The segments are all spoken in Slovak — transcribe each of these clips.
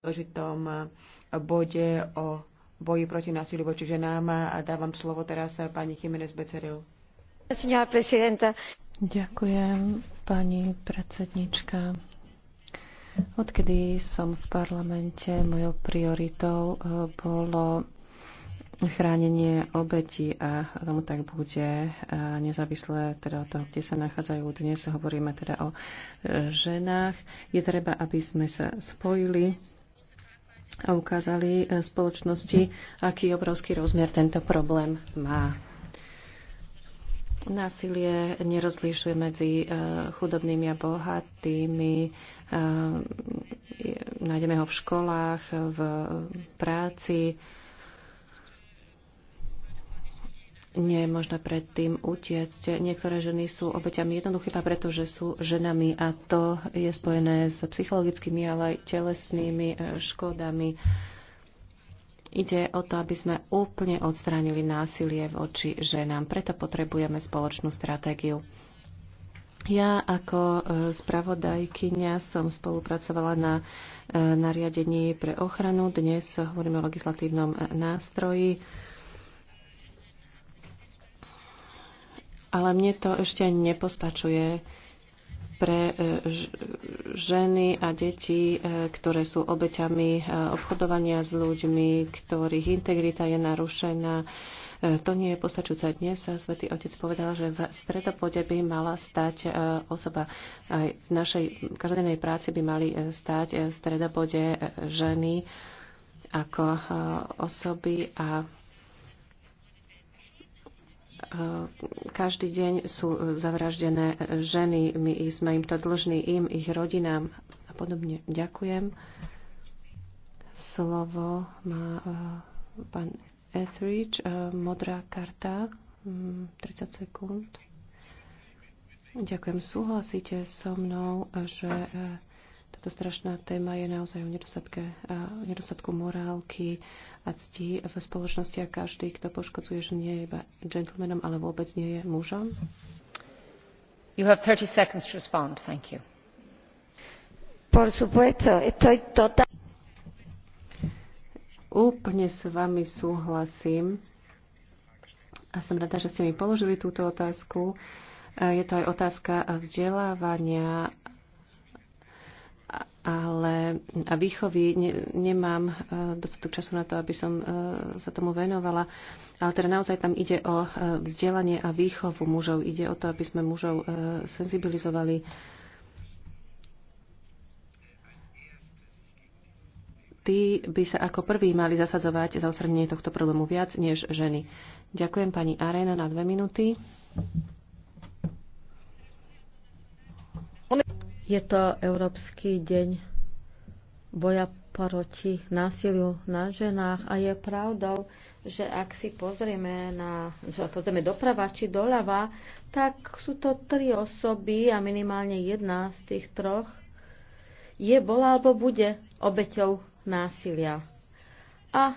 dôležitom eh, bode o boji proti násiliu voči ženám a dávam slovo teraz eh, pani Jiménez Beceril. Ďakujem, pani predsednička. Odkedy som v parlamente, mojou prioritou eh, bolo chránenie obetí a tomu tak bude nezávisle teda od toho, kde sa nachádzajú. Dnes hovoríme teda o ženách. Je treba, aby sme sa spojili a ukázali e, spoločnosti, aký obrovský rozmer tento problém má. Násilie nerozlišuje medzi e, chudobnými a bohatými. E, nájdeme ho v školách, v práci, nie je možné predtým utiecť. Niektoré ženy sú obeťami jednoduché preto, že sú ženami a to je spojené s psychologickými, ale aj telesnými e, škodami. Ide o to, aby sme úplne odstránili násilie oči ženám. Preto potrebujeme spoločnú stratégiu. Ja ako e, spravodajkyňa som spolupracovala na e, nariadení pre ochranu. Dnes hovoríme o legislatívnom nástroji ale mne to ešte nepostačuje pre e, ženy a deti, e, ktoré sú obeťami e, obchodovania s ľuďmi, ktorých integrita je narušená. To nie je postačujúce. Dnes sa Otec povedal, že v stredopode by mala stať osoba. Aj v našej každodennej práci by mali stať v stredopode ženy ako osoby a každý deň sú zavraždené ženy, my sme im to dlžní, im, ich rodinám a podobne. Ďakujem. Slovo má eh, pán Etheridge, eh, modrá karta, 30 mm, sekúnd. Ďakujem, súhlasíte so mnou, že eh, táto strašná téma je naozaj o nedostatke, o nedostatku morálky a cti v spoločnosti a každý, kto poškodzuje, že nie je iba džentlmenom, ale vôbec nie je mužom. You have 30 seconds to respond. Thank you. Por supuesto, estoy total... Úplne s vami súhlasím a som rada, že ste mi položili túto otázku. E, je to aj otázka vzdelávania ale a výchovy ne, nemám e, dostatok času na to, aby som e, sa tomu venovala. Ale teda naozaj tam ide o e, vzdelanie a výchovu mužov. Ide o to, aby sme mužov senzibilizovali. Tí by sa ako prví mali zasadzovať za osrednenie tohto problému viac než ženy. Ďakujem pani Arena na dve minúty. Je to Európsky deň boja proti násiliu na ženách a je pravdou, že ak si pozrieme, na, že pozrieme doprava či doľava, tak sú to tri osoby a minimálne jedna z tých troch je, bola alebo bude obeťou násilia. A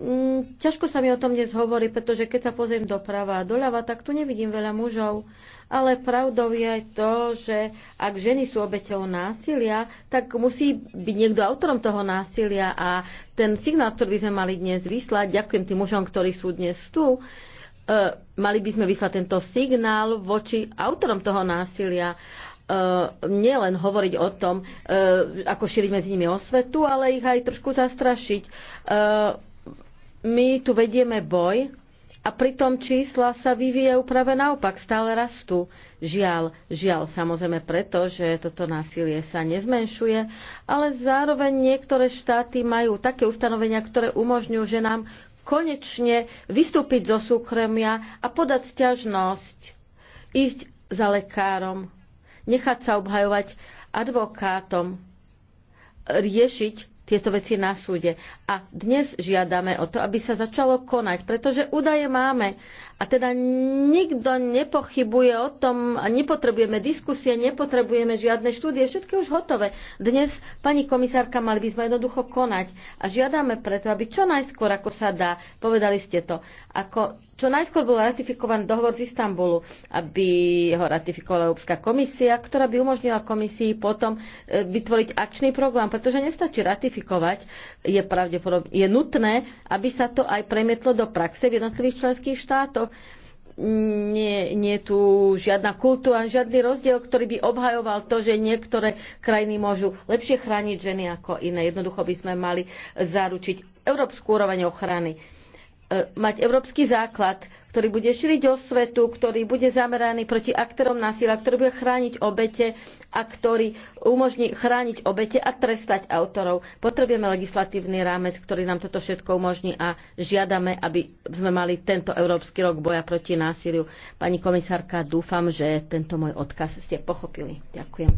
Mm, ťažko sa mi o tom dnes hovorí, pretože keď sa pozriem doprava a doľava, tak tu nevidím veľa mužov. Ale pravdou je to, že ak ženy sú obeťou násilia, tak musí byť niekto autorom toho násilia a ten signál, ktorý by sme mali dnes vyslať, ďakujem tým mužom, ktorí sú dnes tu, e, mali by sme vyslať tento signál voči autorom toho násilia e, nielen hovoriť o tom, e, ako šíriť medzi nimi osvetu, ale ich aj trošku zastrašiť my tu vedieme boj a pritom čísla sa vyvíjajú práve naopak, stále rastú. Žiaľ, žiaľ, samozrejme preto, že toto násilie sa nezmenšuje, ale zároveň niektoré štáty majú také ustanovenia, ktoré umožňujú, že nám konečne vystúpiť zo súkromia a podať sťažnosť, ísť za lekárom, nechať sa obhajovať advokátom, riešiť tieto veci na súde. A dnes žiadame o to, aby sa začalo konať, pretože údaje máme a teda nikto nepochybuje o tom, a nepotrebujeme diskusie, nepotrebujeme žiadne štúdie, všetko je už hotové. Dnes, pani komisárka, mali by sme jednoducho konať a žiadame preto, aby čo najskôr, ako sa dá, povedali ste to, ako čo najskôr bol ratifikovaný dohovor z Istanbulu, aby ho ratifikovala Európska komisia, ktorá by umožnila komisii potom e, vytvoriť akčný program, pretože nestačí ratifikovať, je, pravdepodobne, je nutné, aby sa to aj premietlo do praxe v jednotlivých členských štátoch nie, nie je tu žiadna kultúra, žiadny rozdiel, ktorý by obhajoval to, že niektoré krajiny môžu lepšie chrániť ženy ako iné. Jednoducho by sme mali zaručiť európsku úroveň ochrany E, mať európsky základ, ktorý bude šíriť osvetu, ktorý bude zameraný proti aktérom násilia, ktorý bude chrániť obete a ktorý umožní chrániť obete a trestať autorov. Potrebujeme legislatívny rámec, ktorý nám toto všetko umožní a žiadame, aby sme mali tento Európsky rok boja proti násiliu. Pani komisárka, dúfam, že tento môj odkaz ste pochopili. Ďakujem.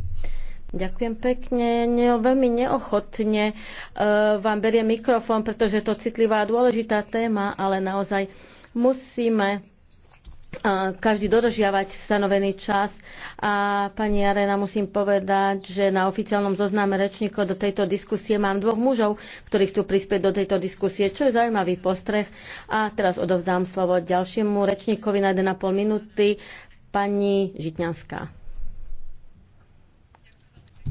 Ďakujem pekne. Ne, veľmi neochotne uh, vám beriem mikrofón, pretože je to citlivá a dôležitá téma, ale naozaj musíme e, každý dodržiavať stanovený čas. A pani Arena, musím povedať, že na oficiálnom zozname rečníkov do tejto diskusie mám dvoch mužov, ktorí chcú prispieť do tejto diskusie, čo je zaujímavý postreh. A teraz odovzdám slovo ďalšiemu rečníkovi na 1,5 minúty, pani Žitňanská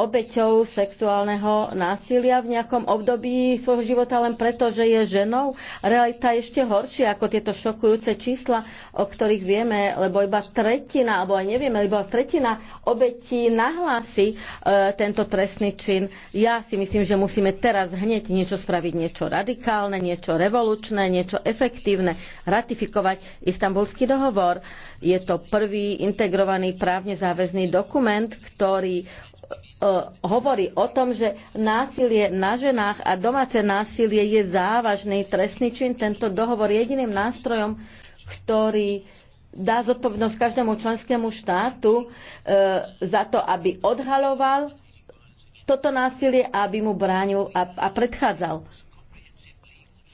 obeťou sexuálneho násilia v nejakom období svojho života len preto, že je ženou. Realita je ešte horšia ako tieto šokujúce čísla, o ktorých vieme, lebo iba tretina, alebo aj nevieme, lebo tretina obetí nahlási e, tento trestný čin. Ja si myslím, že musíme teraz hneď niečo spraviť, niečo radikálne, niečo revolučné, niečo efektívne, ratifikovať istambulský dohovor. Je to prvý integrovaný právne záväzný dokument, ktorý E, hovorí o tom, že násilie na ženách a domáce násilie je závažný trestný čin. Tento dohovor je jediným nástrojom, ktorý dá zodpovednosť každému členskému štátu e, za to, aby odhaloval toto násilie a aby mu bránil a, a predchádzal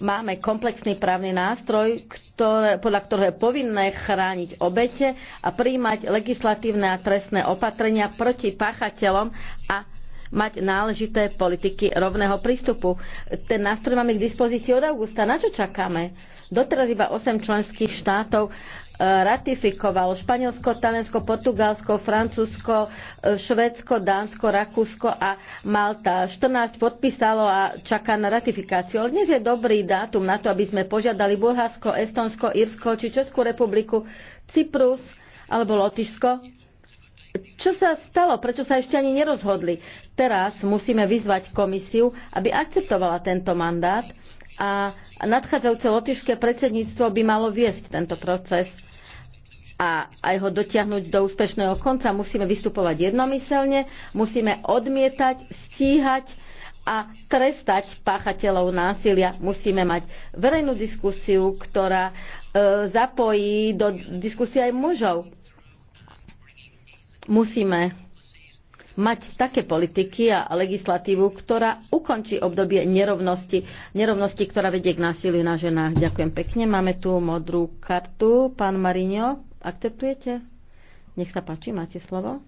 máme komplexný právny nástroj, ktoré, podľa ktorého je povinné chrániť obete a príjmať legislatívne a trestné opatrenia proti páchateľom a mať náležité politiky rovného prístupu. Ten nástroj máme k dispozícii od augusta. Na čo čakáme? Doteraz iba 8 členských štátov ratifikovalo Španielsko, Taliansko, Portugalsko, Francúzsko, e, Švedsko, Dánsko, Rakúsko a Malta. 14 podpísalo a čaká na ratifikáciu. Ale dnes je dobrý dátum na to, aby sme požiadali Bulharsko, Estonsko, Írsko či Českú republiku, Cyprus alebo Lotyšsko, čo sa stalo? Prečo sa ešte ani nerozhodli? Teraz musíme vyzvať komisiu, aby akceptovala tento mandát a nadchádzajúce lotišské predsedníctvo by malo viesť tento proces a aj ho dotiahnuť do úspešného konca, musíme vystupovať jednomyselne, musíme odmietať, stíhať a trestať páchateľov násilia. Musíme mať verejnú diskusiu, ktorá e, zapojí do diskusie aj mužov. Musíme mať také politiky a legislatívu, ktorá ukončí obdobie nerovnosti, nerovnosti, ktorá vedie k násiliu na ženách. Ďakujem pekne. Máme tu modrú kartu. Pán Marino. Akceptujete? Nech sa páči, máte slovo.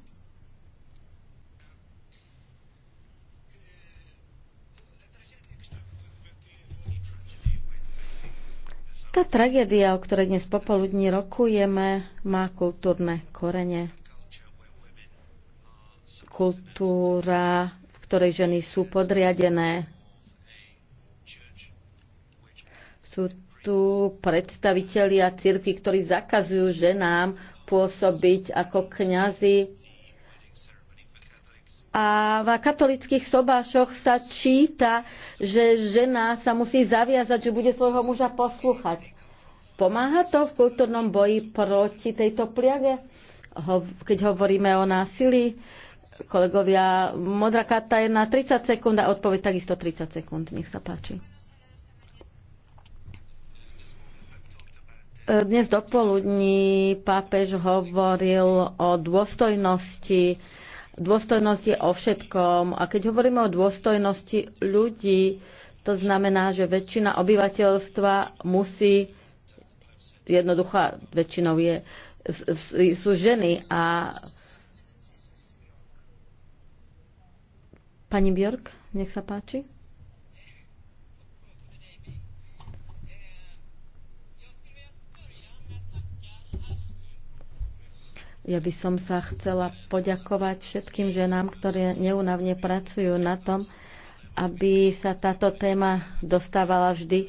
Tá tragédia, o ktorej dnes popoludní rokujeme, má kultúrne korene. Kultúra, v ktorej ženy sú podriadené. Sú tu predstavitelia cirkvi, ktorí zakazujú ženám pôsobiť ako kňazi. A v katolických sobášoch sa číta, že žena sa musí zaviazať, že bude svojho muža poslúchať. Pomáha to v kultúrnom boji proti tejto pliage, keď hovoríme o násilí? Kolegovia, modrá karta je na 30 sekúnd a odpoveď takisto 30 sekúnd. Nech sa páči. Dnes dopoludní pápež hovoril o dôstojnosti. Dôstojnosť je o všetkom. A keď hovoríme o dôstojnosti ľudí, to znamená, že väčšina obyvateľstva musí, jednoduchá väčšinou je, sú ženy a Pani Bjork, nech sa páči. Ja by som sa chcela poďakovať všetkým ženám, ktoré neunavne pracujú na tom, aby sa táto téma dostávala vždy e,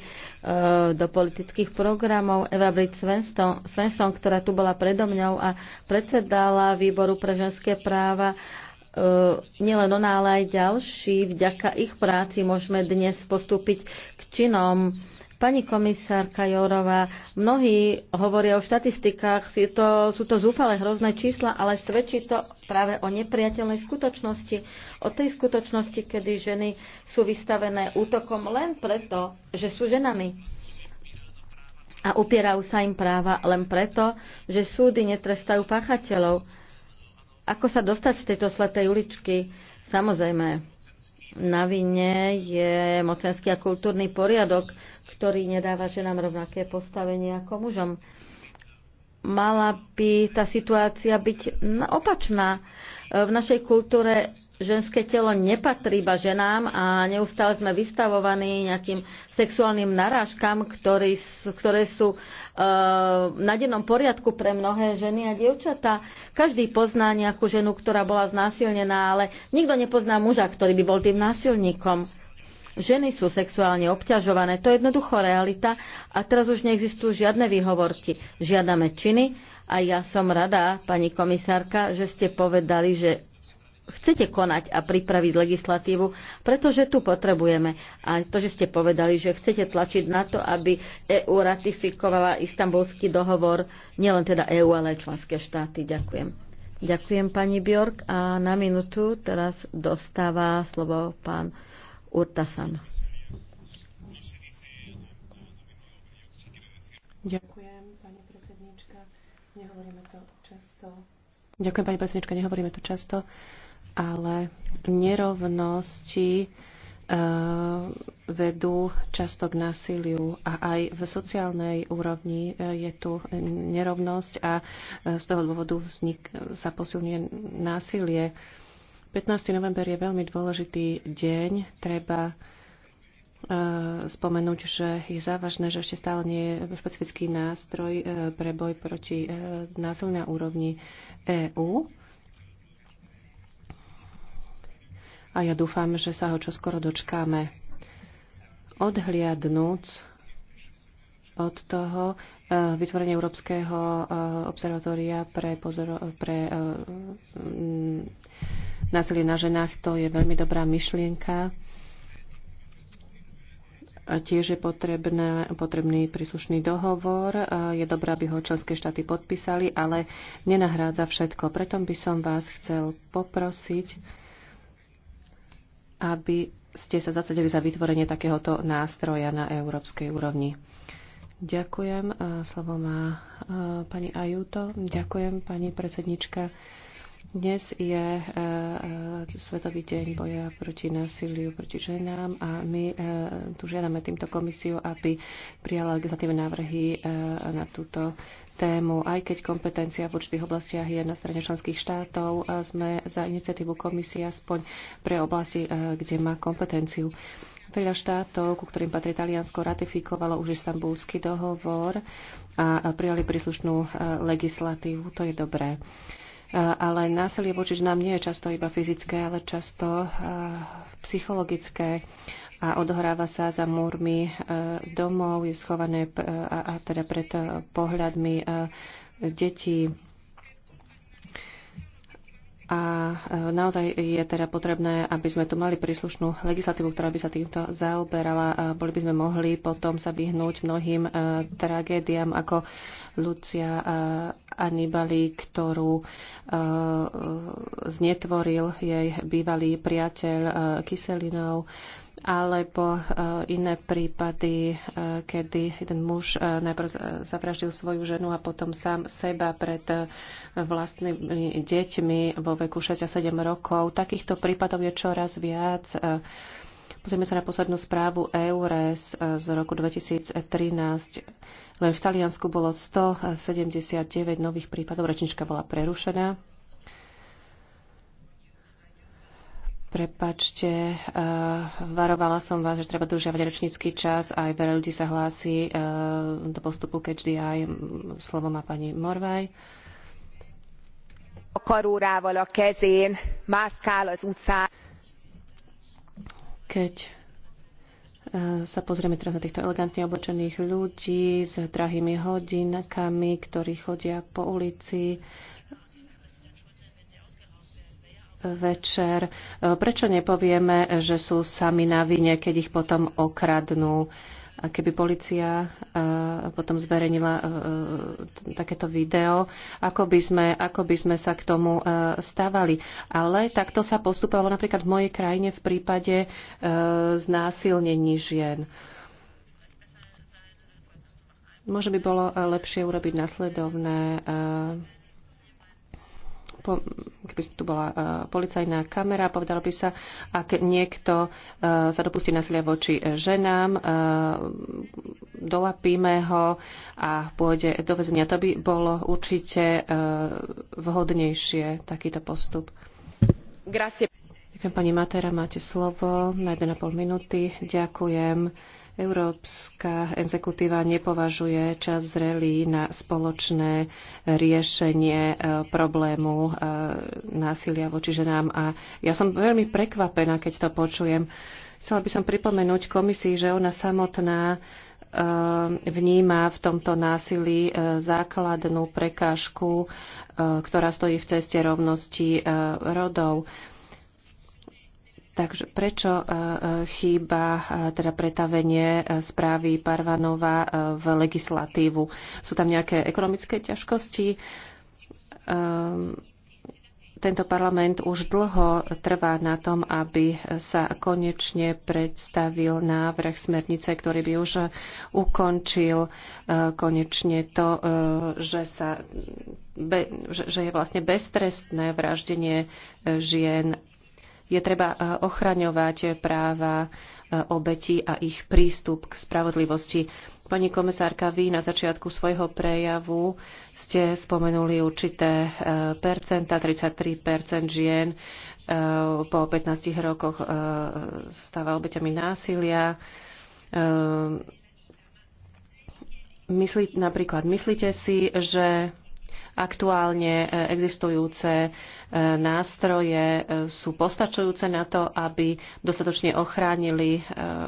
do politických programov. Eva Brit Svensson, Svensson, ktorá tu bola predo mňou a predsedala výboru pre ženské práva, e, nielen ona, ale aj ďalší, vďaka ich práci môžeme dnes postúpiť k činom Pani komisárka Jorová, mnohí hovoria o štatistikách, sú to, sú to zúfale hrozné čísla, ale svedčí to práve o nepriateľnej skutočnosti, o tej skutočnosti, kedy ženy sú vystavené útokom len preto, že sú ženami. A upierajú sa im práva len preto, že súdy netrestajú páchateľov. Ako sa dostať z tejto slepej uličky? Samozrejme, na vine je mocenský a kultúrny poriadok, ktorý nedáva ženám rovnaké postavenie ako mužom. Mala by tá situácia byť opačná. V našej kultúre ženské telo nepatrí iba ženám a neustále sme vystavovaní nejakým sexuálnym narážkam, ktorý, ktoré sú e, na dennom poriadku pre mnohé ženy a dievčatá. Každý pozná nejakú ženu, ktorá bola znásilnená, ale nikto nepozná muža, ktorý by bol tým násilníkom ženy sú sexuálne obťažované. To je jednoducho realita a teraz už neexistujú žiadne výhovorky. Žiadame činy a ja som rada, pani komisárka, že ste povedali, že chcete konať a pripraviť legislatívu, pretože tu potrebujeme. A to, že ste povedali, že chcete tlačiť na to, aby EÚ ratifikovala istambulský dohovor, nielen teda EÚ, ale aj členské štáty. Ďakujem. Ďakujem pani Bjork a na minútu teraz dostáva slovo pán Urtasan. Ďakujem, pani predsednička. Nehovoríme to často. Ďakujem, pani predsednička, nehovoríme to často, ale nerovnosti eh, vedú často k násiliu a aj v sociálnej úrovni eh, je tu nerovnosť a eh, z toho dôvodu vznik, sa posilňuje násilie. 15. november je veľmi dôležitý deň. Treba e, spomenúť, že je závažné, že ešte stále nie je špecifický nástroj e, pre boj proti e, násilu na úrovni EÚ. A ja dúfam, že sa ho čoskoro dočkáme. Odhliadnúc od toho vytvorenie Európskeho observatória pre, pozor- pre násilie na ženách, to je veľmi dobrá myšlienka. A tiež je potrebné, potrebný príslušný dohovor. Je dobré, aby ho členské štáty podpísali, ale nenahrádza všetko. Preto by som vás chcel poprosiť, aby ste sa zasadili za vytvorenie takéhoto nástroja na európskej úrovni. Ďakujem. Slovo má pani Ajuto. Ďakujem, pani predsednička. Dnes je e, e, Svetový deň boja proti násiliu proti ženám a my e, tu žiadame týmto komisiu, aby prijala legislatívne návrhy na túto tému. Aj keď kompetencia v určitých oblastiach je na strane členských štátov, sme za iniciatívu komisie aspoň pre oblasti, kde má kompetenciu. Veľa štátov, ku ktorým patrí Taliansko, ratifikovalo už istambulský dohovor a prijali príslušnú legislatívu. To je dobré ale násilie voči nám nie je často iba fyzické, ale často e, psychologické a odohráva sa za múrmi e, domov, je schované a, a teda pred e, pohľadmi detí. A e, naozaj je teda potrebné, aby sme tu mali príslušnú legislatívu, ktorá by sa týmto zaoberala. A boli by sme mohli potom sa vyhnúť mnohým e, tragédiám ako Lucia e, Anibali, ktorú znetvoril jej bývalý priateľ Uh, alebo e, iné prípady, e, kedy jeden muž e, najprv zavraždil svoju ženu a potom sám seba pred vlastnými deťmi vo veku 6 a 7 rokov. Takýchto prípadov je čoraz viac. Pozrieme sa na poslednú správu EURES z roku 2013. Len v Taliansku bolo 179 nových prípadov. Rečnička bola prerušená. Prepačte, eh, varovala som vás, že treba dodržiavať ročnícky čas. Aj veľa ľudí sa hlási eh, do postupu KHDI. Slovo má pani Morvaj. A karórával a kezén mászkál az utcán. Keď eh, sa pozrieme teraz na týchto elegantne oblečených ľudí s drahými hodinkami, ktorí chodia po ulici, večer. Prečo nepovieme, že sú sami na vine, keď ich potom okradnú? A keby policia eh, potom zverejnila eh, eh, takéto video, ako by, sme, ako by sme sa k tomu stávali. Ale takto sa postupovalo napríklad v mojej krajine v prípade znásilnení žien. Možno by bolo lepšie urobiť nasledovné po, keby tu bola uh, policajná kamera, povedalo by sa, ak niekto uh, sa dopustí nasilia voči ženám, uh, dolapíme ho a pôjde do väzenia. To by bolo určite uh, vhodnejšie, takýto postup. Grazie. Ďakujem pani Matera, máte slovo na 1,5 minúty. Ďakujem. Európska exekutíva nepovažuje čas zrelý na spoločné riešenie e, problému e, násilia voči ženám. A ja som veľmi prekvapená, keď to počujem. Chcela by som pripomenúť komisii, že ona samotná e, vníma v tomto násilí základnú prekážku, ktorá stojí v ceste rovnosti rodov. Takže prečo e, e, chýba e, teda pretavenie správy Parvanova v legislatívu? Sú tam nejaké ekonomické ťažkosti? Ehm, tento parlament už dlho trvá na tom, aby sa konečne predstavil návrh smernice, ktorý by už ukončil konečne to, že, sa, že je vlastne beztrestné vraždenie žien je treba e, ochraňovať e, práva e, obetí a ich prístup k spravodlivosti. Pani komisárka, vy na začiatku svojho prejavu ste spomenuli určité percenta, 33 žien po 15 rokoch stáva obeťami násilia. Myslí, napríklad, myslíte si, že Aktuálne e, existujúce e, nástroje e, sú postačujúce na to, aby dostatočne ochránili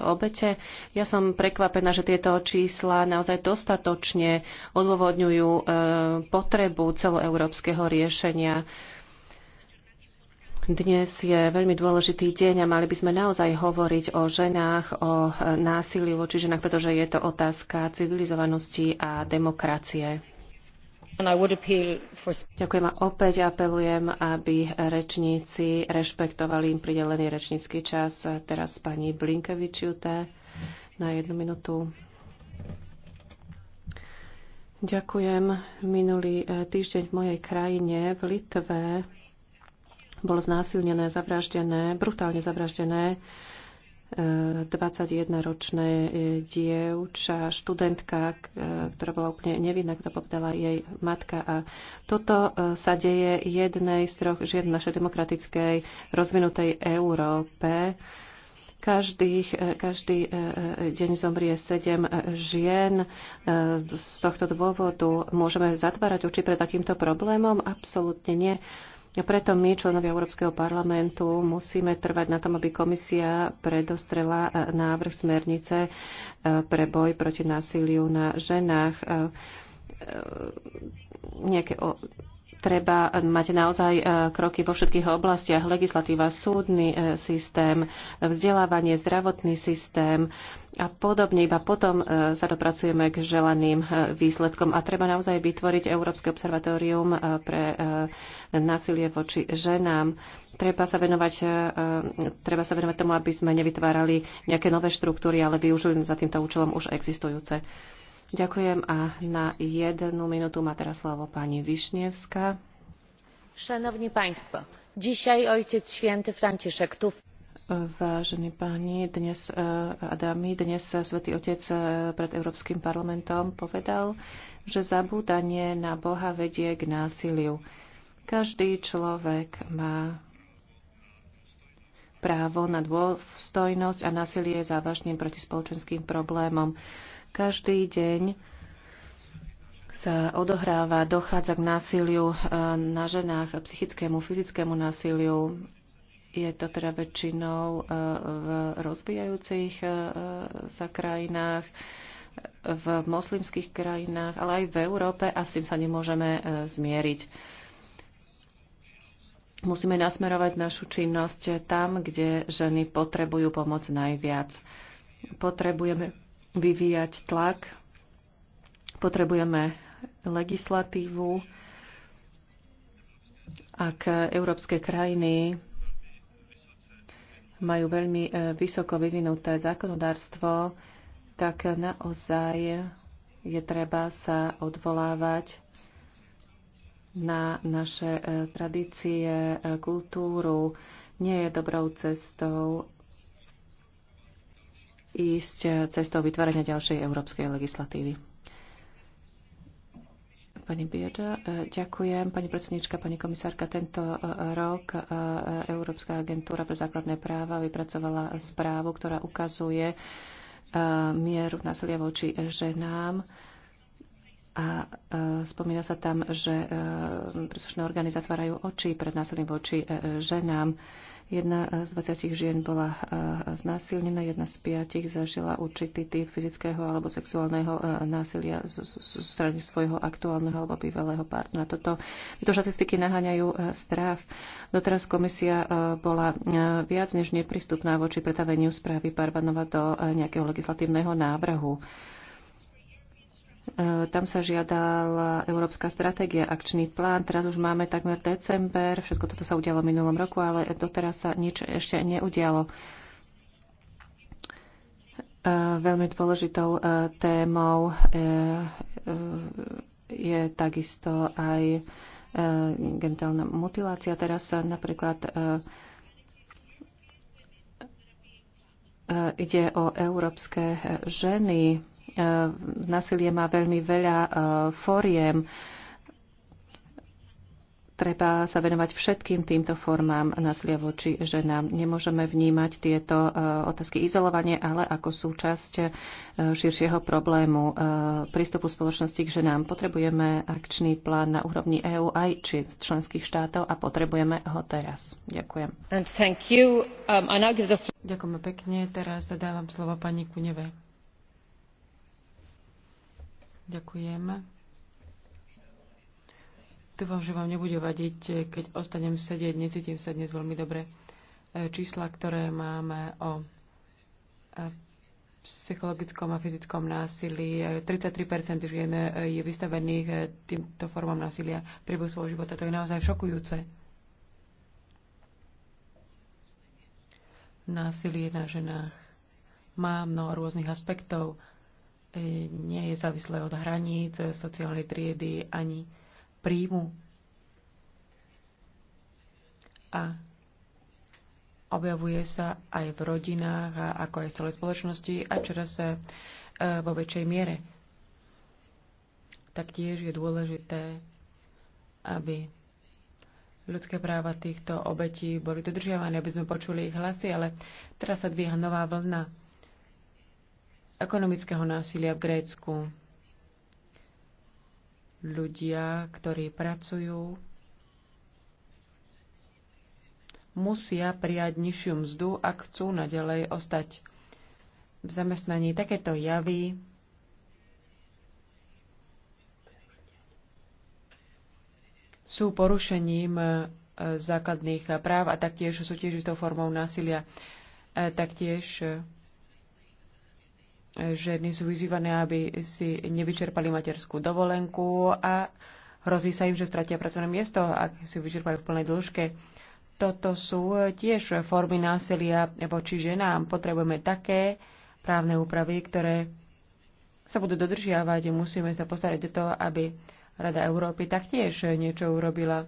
obete. Ja som prekvapená, že tieto čísla naozaj dostatočne odôvodňujú potrebu celoeurópskeho riešenia. Dnes je veľmi dôležitý deň a mali by sme naozaj hovoriť o ženách, o násiliu voči ženách, pretože je to otázka civilizovanosti a demokracie. Ďakujem a opäť apelujem, aby rečníci rešpektovali im pridelený rečnícky čas. Teraz pani Blinkevičiute na jednu minútu. Ďakujem. Minulý e, týždeň v mojej krajine, v Litve, bolo znásilnené, zavraždené, brutálne zavraždené 21-ročné e, dievča, študentka, e, ktorá bola úplne nevinná, kto povedala jej matka. A toto e, sa deje jednej z troch žien v našej demokratickej rozvinutej Európe. Každých, každý deň zomrie sedem žien. Z tohto dôvodu môžeme zatvárať oči pred takýmto problémom? Absolútne nie. A preto my, členovia Európskeho parlamentu, musíme trvať na tom, aby komisia predostrela e, návrh smernice e, pre boj proti násiliu na ženách e, nejaké treba mať naozaj e, kroky vo všetkých oblastiach, legislatíva, súdny e, systém, vzdelávanie, zdravotný systém a podobne. Iba potom e, sa dopracujeme k želaným výsledkom a treba naozaj vytvoriť Európske observatórium pre násilie voči ženám. Treba sa venovať, treba sa venovať tomu, aby sme nevytvárali nejaké nové štruktúry, ale využili za týmto účelom už existujúce. Ďakujem a na jednu minútu má teraz slovo pani Višnievska. Szanowni Państwo, dzisiaj Ojciec Święty Franciszek tu Vážení páni, dnes e, Adami, dnes svätý Otec e, pred Európskym parlamentom povedal, že zabúdanie na Boha vedie k násiliu. Každý človek má právo na dôstojnosť a násilie je závažným protispoločenským problémom. Každý deň sa odohráva, dochádza k násiliu e, na ženách, psychickému, fyzickému násiliu. Je to teda väčšinou e, v rozvíjajúcich e, sa krajinách, v moslimských krajinách, ale aj v Európe a s tým sa nemôžeme zmieriť. Musíme nasmerovať našu činnosť tam, kde ženy potrebujú pomoc najviac. Potrebujeme vyvíjať tlak. Potrebujeme legislatívu. Ak európske krajiny majú veľmi e, vysoko vyvinuté zákonodárstvo, tak naozaj je treba sa odvolávať na naše e, tradície, e, kultúru. Nie je dobrou cestou ísť cestou vytvárania ďalšej európskej legislatívy. Pani Bieda, eh, ďakujem. Pani predsednička, pani komisárka, tento eh, rok eh, Európska agentúra pre základné práva vypracovala správu, ktorá ukazuje mieru násilia voči ženám a e, spomína sa tam, že e, príslušné orgány zatvárajú oči pred násilím voči e, ženám. Jedna z 20 žien bola znásilnená, jedna z piatich zažila určitý typ fyzického alebo sexuálneho násilia zo strany svojho aktuálneho alebo bývalého partnera. Toto, tieto štatistiky naháňajú strach. Doteraz komisia bola viac než neprístupná voči pretaveniu správy Parvanova do nejakého legislatívneho návrhu. E, tam sa žiadala Európska stratégia, akčný plán. Teraz už máme takmer december. Všetko toto sa udialo v minulom roku, ale doteraz sa nič ešte neudialo. E, veľmi dôležitou e, témou je takisto aj genitálna mutilácia. Teraz sa napríklad ide o európske ženy. Eh, Nasilie má veľmi veľa eh, fóriem. Treba sa venovať všetkým týmto formám násilia voči ženám. Nemôžeme vnímať tieto eh, otázky izolovanie, ale ako súčasť širšieho problému prístupu spoločnosti k ženám. Potrebujeme akčný plán na úrovni EÚ aj či z členských štátov a potrebujeme ho teraz. Ďakujem. Um, the... Ďakujeme pekne. Teraz dávam slovo pani Kuneve. Ďakujem. Dúfam, že vám nebude vadiť, keď ostanem sedieť. Necítim sa dnes veľmi dobre. E, čísla, ktoré máme o e, psychologickom a fyzickom násilí. 33% e, žien je vystavených týmto formám násilia priebehu svojho života. To je naozaj šokujúce. Násilie na ženách má mnoho rôznych aspektov nie je závislé od hraníc, sociálnej triedy ani príjmu. A objavuje sa aj v rodinách, a ako aj v celej spoločnosti a čoraz e, vo väčšej miere. Taktiež je dôležité, aby ľudské práva týchto obetí boli dodržiavané, aby sme počuli ich hlasy, ale teraz sa dvíha nová vlna ekonomického násilia v Grécku. Ľudia, ktorí pracujú, musia prijať nižšiu mzdu, ak chcú naďalej ostať v zamestnaní. Takéto javy sú porušením e, základných práv a taktiež sú tiež istou formou násilia. E, taktiež e, ženy sú vyzývané, aby si nevyčerpali materskú dovolenku a hrozí sa im, že stratia pracovné miesto, ak si vyčerpajú v plnej dĺžke. Toto sú tiež formy násilia voči ženám. Potrebujeme také právne úpravy, ktoré sa budú dodržiavať. Musíme sa postarať o to, aby Rada Európy taktiež niečo urobila,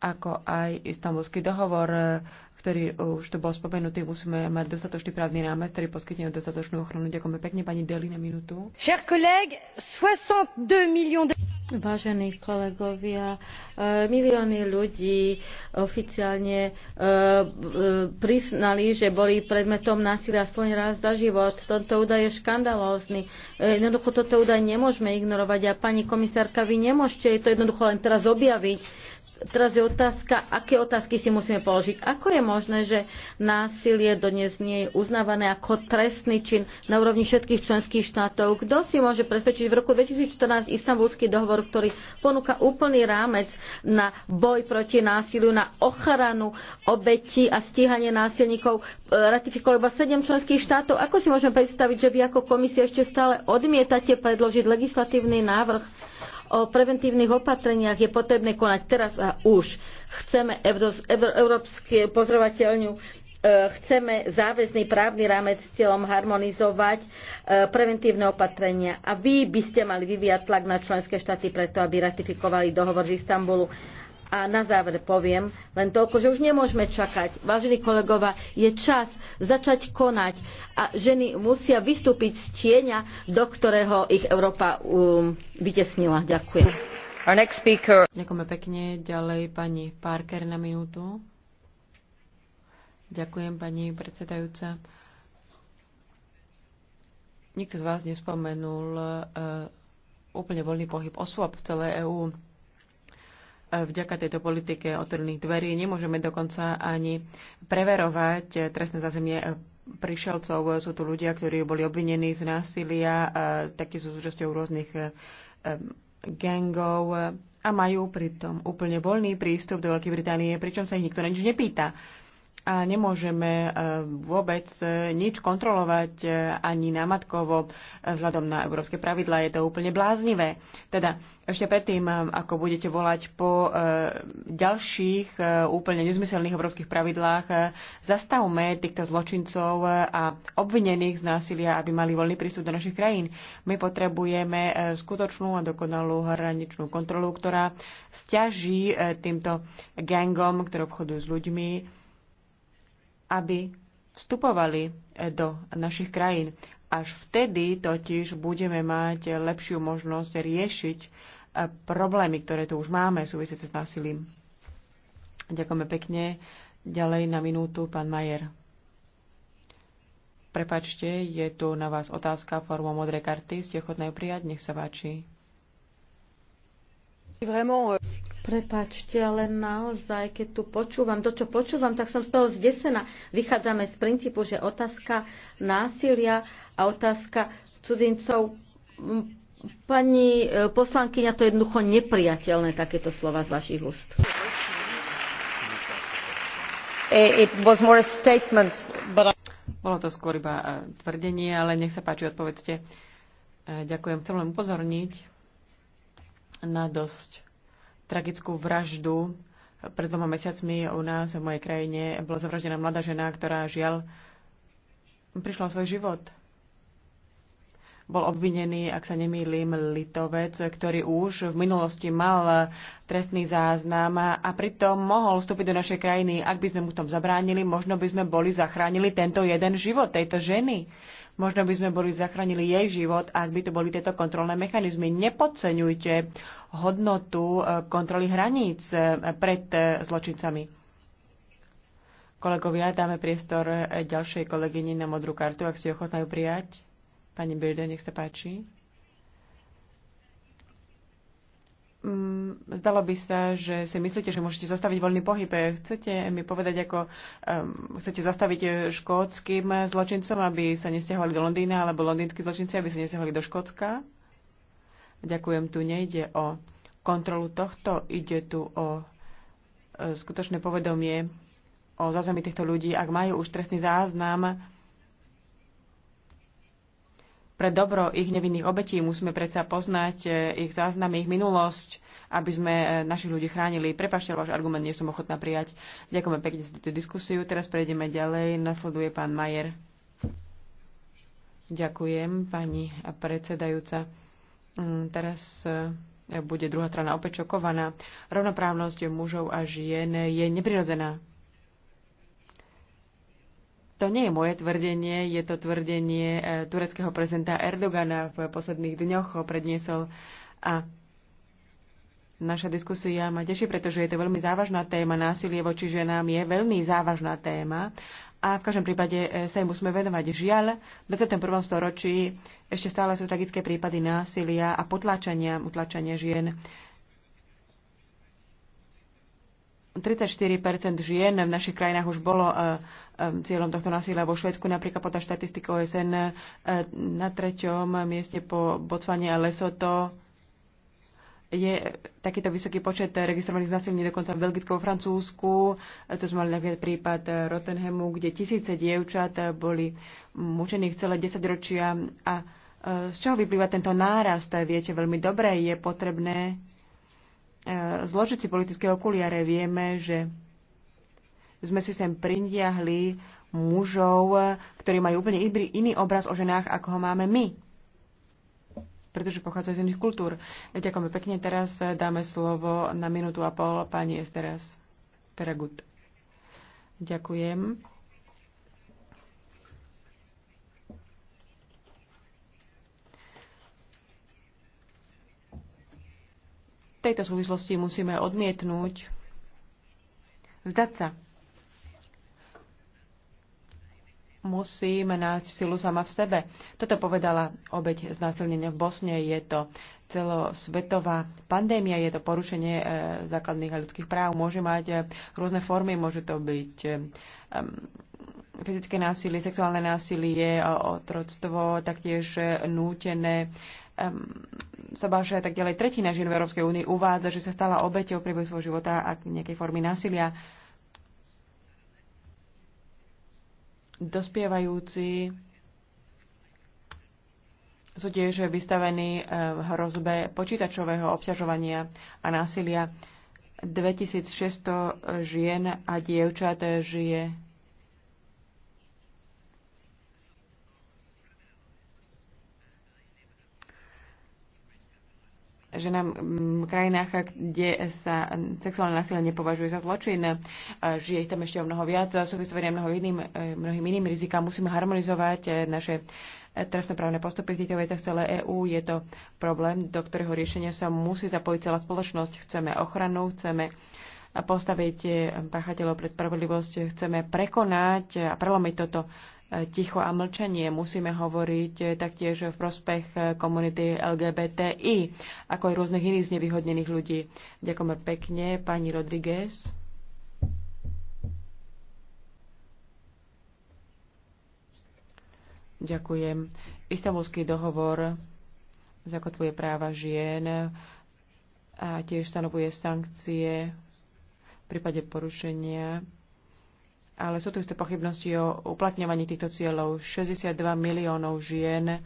ako aj istambulský dohovor ktorý už to bol spomenutý, musíme mať dostatočný právny rámec, ktorý poskytne dostatočnú ochranu. Ďakujeme pekne, pani Deli, na minútu. Vážení kolegovia, e, milióny ľudí oficiálne e, e, priznali, že boli predmetom násilia aspoň raz za život. Tento údaj je škandalózny. Jednoducho toto údaj nemôžeme ignorovať a pani komisárka, vy nemôžete to jednoducho len teraz objaviť Teraz je otázka, aké otázky si musíme položiť. Ako je možné, že násilie dodnes nie je uznávané ako trestný čin na úrovni všetkých členských štátov? Kto si môže presvedčiť v roku 2014 istambulský dohovor, ktorý ponúka úplný rámec na boj proti násiliu, na ochranu obetí a stíhanie násilníkov e, ratifikovalo iba 7 členských štátov? Ako si môžeme predstaviť, že vy ako komisia ešte stále odmietate predložiť legislatívny návrh o preventívnych opatreniach? Je potrebné konať teraz teda už. Chceme európske pozorovateľňu e, chceme záväzný právny rámec s cieľom harmonizovať e, preventívne opatrenia. A vy by ste mali vyvíjať tlak na členské štáty preto, aby ratifikovali dohovor z Istanbulu. A na záver poviem len toľko, že už nemôžeme čakať. Vážení kolegova, je čas začať konať a ženy musia vystúpiť z tieňa, do ktorého ich Európa um, vytesnila. Ďakujem. Ďakujeme pekne. Ďalej pani Parker na minútu. Ďakujem, pani predsedajúca. Nikto z vás nespomenul e, úplne voľný pohyb osôb v celej EÚ. E, vďaka tejto politike otvorených dverí nemôžeme dokonca ani preverovať trestné zázemie e, prišielcov. Sú tu ľudia, ktorí boli obvinení z násilia, takí sú súčasťou rôznych gangov eh, a majú pritom úplne voľný prístup do Veľkej Británie, pričom sa ich nikto na nič nepýta a nemôžeme e, vôbec e, nič kontrolovať e, ani námatkovo vzhľadom na európske pravidla. Je to úplne bláznivé. Teda ešte predtým, ako budete volať po ďalších úplne nezmyselných európskych pravidlách, zastavme týchto zločincov a obvinených z násilia, aby mali voľný prístup do našich krajín. My potrebujeme skutočnú a dokonalú hraničnú kontrolu, ktorá stiaží týmto gangom, ktoré obchodujú s ľuďmi, aby vstupovali e, do našich krajín. Až vtedy totiž budeme mať lepšiu možnosť riešiť e, problémy, ktoré tu už máme súvisiace s násilím. Ďakujeme pekne. Ďalej na minútu pán Majer. Prepačte, je tu na vás otázka formou modrej karty. Ste ochotné prijať? Nech sa váči. Vraiment... Prepačte, ale naozaj, keď tu počúvam, to, čo počúvam, tak som z toho zdesená. Vychádzame z princípu, že otázka násilia a otázka cudzincov Pani e, poslankyňa, to je jednoducho nepriateľné takéto slova z vašich úst. Bolo to skôr iba e, tvrdenie, ale nech sa páči, odpovedzte. E, ďakujem. Chcem len upozorniť na dosť tragickú vraždu. Pred dvoma mesiacmi u nás v mojej krajine bola zavraždená mladá žena, ktorá žiaľ prišla o svoj život. Bol obvinený, ak sa nemýlim, Litovec, ktorý už v minulosti mal trestný záznam a pritom mohol vstúpiť do našej krajiny. Ak by sme mu tom zabránili, možno by sme boli zachránili tento jeden život tejto ženy. Možno by sme boli zachránili jej život, ak by to boli tieto kontrolné mechanizmy. Nepodceňujte hodnotu e, kontroly hraníc e, pred e, zločincami. Kolegovia, dáme priestor ďalšej kolegyni na modrú kartu, ak si ochotná ju prijať. Pani Birde, nech sa páči. Mm, zdalo by sa, že si myslíte, že môžete zastaviť voľný pohyb. Chcete mi povedať, ako um, chcete zastaviť škótským zločincom, aby sa nestiahovali do Londýna, alebo londýnsky zločinci, aby sa nestiahovali do Škótska? Ďakujem, tu nejde o kontrolu tohto, ide tu o e, skutočné povedomie o zázemí týchto ľudí. Ak majú už trestný záznam, pre dobro ich nevinných obetí musíme predsa poznať e, ich záznamy, ich minulosť, aby sme e, našich ľudí chránili. Prepašte, váš argument nie som ochotná prijať. Ďakujeme pekne za túto diskusiu. Teraz prejdeme ďalej. Nasleduje pán Majer. Ďakujem, pani predsedajúca. Mm, teraz e, bude druhá strana opäť šokovaná. Rovnoprávnosť mužov a žien je neprirodzená to nie je moje tvrdenie, je to tvrdenie e, tureckého prezidenta Erdogana v posledných dňoch ho predniesol a naša diskusia ma teší, pretože je to veľmi závažná téma. Násilie voči ženám je veľmi závažná téma a v každom prípade e, sa im musíme venovať. Žiaľ, v 21. storočí ešte stále sú tragické prípady násilia a potlačania, utlačania žien 34 žien v našich krajinách už bolo e, e, cieľom tohto násilia. Vo Švedsku napríklad podľa štatistiky OSN e, na treťom mieste po Botsvane a Lesoto je takýto vysoký počet registrovaných znásilní dokonca v Belgicku, a Francúzsku. To sme mali napríklad prípad Rottenhamu, kde tisíce dievčat boli mučených celé 10 ročia. A z čoho vyplýva tento nárast? Viete veľmi dobre, je potrebné Zložici politického politické okuliare. Vieme, že sme si sem prindiahli mužov, ktorí majú úplne iný obraz o ženách, ako ho máme my pretože pochádzajú z iných kultúr. Ďakujeme pekne. Teraz dáme slovo na minútu a pol pani Esteras Peragut. Ďakujem. tejto súvislosti musíme odmietnúť vzdať sa. Musíme nájsť silu sama v sebe. Toto povedala obeď znásilnenia v Bosne. Je to celosvetová pandémia, je to porušenie eh, základných a ľudských práv. Môže mať eh, rôzne formy, môže to byť eh, fyzické násilie, sexuálne násilie, otroctvo, taktiež nútené sa Sabáša aj tak ďalej. Tretina žien v Európskej únii uvádza, že sa stala obeťou priebehu svojho života a nejakej formy násilia. Dospievajúci sú tiež vystavení eh, hrozbe počítačového obťažovania a násilia. 2600 žien a dievčat žije ženám mm, v krajinách, kde sa sexuálne násilie nepovažuje za zločin. E, žije ich tam ešte o mnoho viac, sú vystavené mnoho iným, e, mnohým iným rizikám. Musíme harmonizovať e, naše trestnoprávne postupy v týchto veciach celé EÚ. Je to problém, do ktorého riešenia sa musí zapojiť celá spoločnosť. Chceme ochranu, chceme postaviť páchateľov pred spravodlivosť, chceme prekonať a prelomiť toto ticho a mlčanie. Musíme hovoriť eh, taktiež v prospech eh, komunity LGBTI, ako aj rôznych iných znevýhodnených ľudí. Ďakujeme pekne, pani Rodriguez. Ďakujem. Istanbulský dohovor zakotvuje práva žien a tiež stanovuje sankcie v prípade porušenia ale sú tu isté pochybnosti o uplatňovaní týchto cieľov. 62 miliónov žien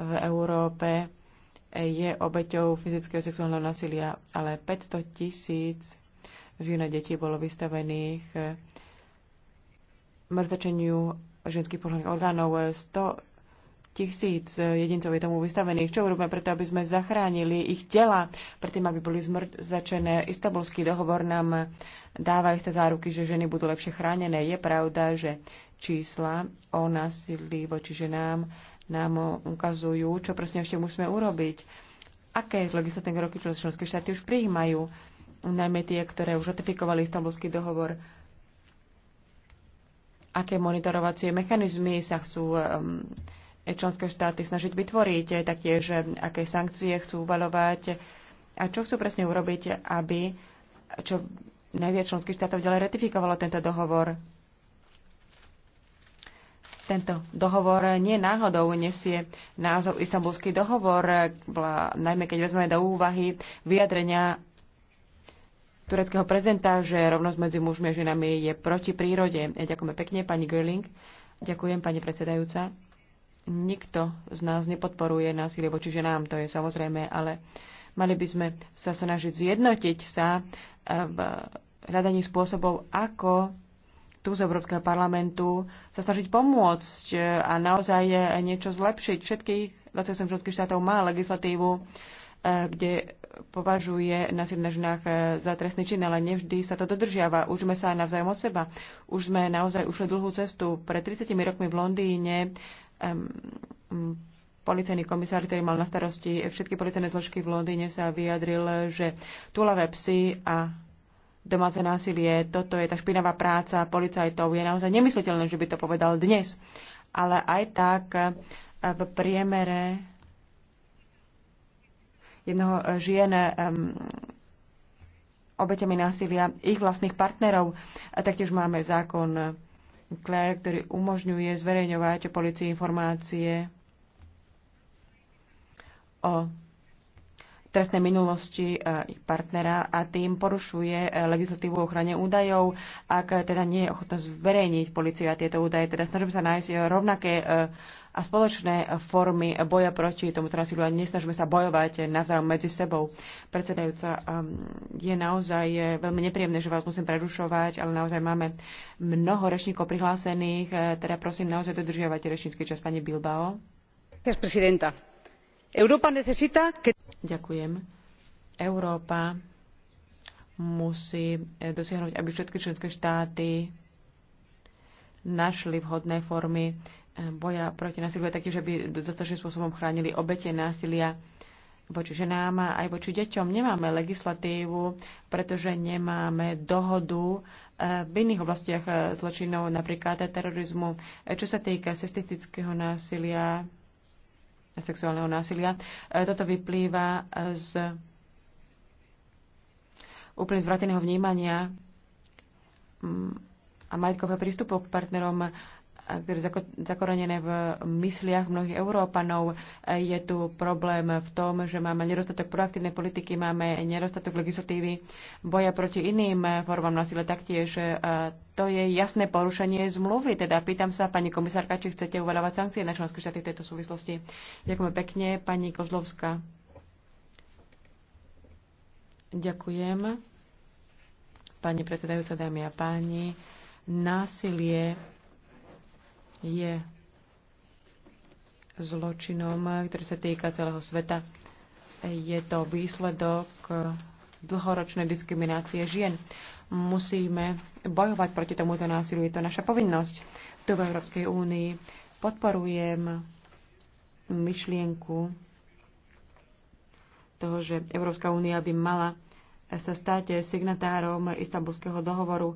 v Európe je obeťou fyzického sexuálneho násilia, ale 500 tisíc žien a detí bolo vystavených mrzačeniu ženských pohľadných orgánov. 100 tisíc e, jedincov je tomu vystavených. Čo urobíme preto, aby sme zachránili ich tela, predtým, aby boli zmrzačené? Istanbulský dohovor nám dáva isté záruky, že ženy budú lepšie chránené. Je pravda, že čísla o násilí voči ženám nám ukazujú, čo presne ešte musíme urobiť. Aké legislatívne roky členské štáty už prijímajú, najmä tie, ktoré už ratifikovali Istanbulský dohovor, aké monitorovacie mechanizmy sa chcú um, členské štáty snažiť vytvoriť, eh, taktiež eh, aké sankcie chcú uvalovať a čo chcú presne urobiť, aby čo najviac členských štátov ďalej ratifikovalo tento dohovor. Tento dohovor eh, nie náhodou nesie názov Istanbulský dohovor, bola najmä keď vezmeme do úvahy vyjadrenia tureckého prezidenta, že rovnosť medzi mužmi a ženami je proti prírode. Ďakujeme pekne, pani Girling. Ďakujem, pani predsedajúca nikto z nás nepodporuje násilie voči ženám, to je samozrejme, ale mali by sme sa snažiť zjednotiť sa eh, v hľadaní spôsobov, ako tu z Európskeho parlamentu sa snažiť pomôcť eh, a naozaj niečo zlepšiť. Všetkých 28 členských štátov má legislatívu, eh, kde považuje násilie na ženách za trestný čin, ale nevždy sa to dodržiava. Už sme sa navzájom od seba. Už sme naozaj ušli dlhú cestu. Pred 30 rokmi v Londýne um, policajný komisár, ktorý mal na starosti všetky policajné zložky v Londýne, sa vyjadril, že túlavé psy a domáce násilie, toto je tá špinavá práca policajtov. Je naozaj nemysliteľné, že by to povedal dnes. Ale aj tak e, v priemere jednoho žien um, obeťami násilia ich vlastných partnerov. A taktiež máme zákon Claire, ktorý umožňuje zverejňovať policii informácie o trestnej minulosti e, ich partnera a tým porušuje e, legislatívu ochrane údajov, ak e, teda nie je ochotná zverejniť policia tieto údaje. Teda snažíme sa nájsť rovnaké a spoločné formy boja proti tomu násiliu a nesnažíme sa bojovať navzájom medzi sebou. Predsedajúca, je naozaj veľmi nepríjemné, že vás musím prerušovať, ale naozaj máme mnoho rečníkov prihlásených, teda prosím naozaj dodržiavate rečnícky čas pani Bilbao. Ďakujem, presidenta Európa musí eh, dosiahnuť, aby všetky členské štáty našli vhodné formy eh, boja proti násiliu, taktiež aby dostatočným spôsobom chránili obete násilia voči ženám a aj voči deťom. Nemáme legislatívu, pretože nemáme dohodu eh, v iných oblastiach zločinov, napríklad terorizmu. Čo sa týka sestistického násilia, sexuálneho násilia. E, toto vyplýva z úplne zvrateného vnímania mm, a majetkového prístupu k partnerom ktoré je zakorenené v mysliach mnohých Európanov. Je tu problém v tom, že máme nedostatok proaktívnej politiky, máme nedostatok legislatívy boja proti iným formám násilia taktiež. To je jasné porušenie zmluvy. Teda pýtam sa, pani komisárka, či chcete uvaľovať sankcie na členské štáty v tejto súvislosti. Ďakujem pekne, pani Kozlovská. Ďakujem. Pani predsedajúca, dámy a páni, násilie je zločinom, ktorý sa týka celého sveta. Je to výsledok dlhoročnej diskriminácie žien. Musíme bojovať proti tomuto násiliu. Je to naša povinnosť. Tu v Európskej únii podporujem myšlienku toho, že Európska únia by mala sa stať signatárom Istanbulského dohovoru.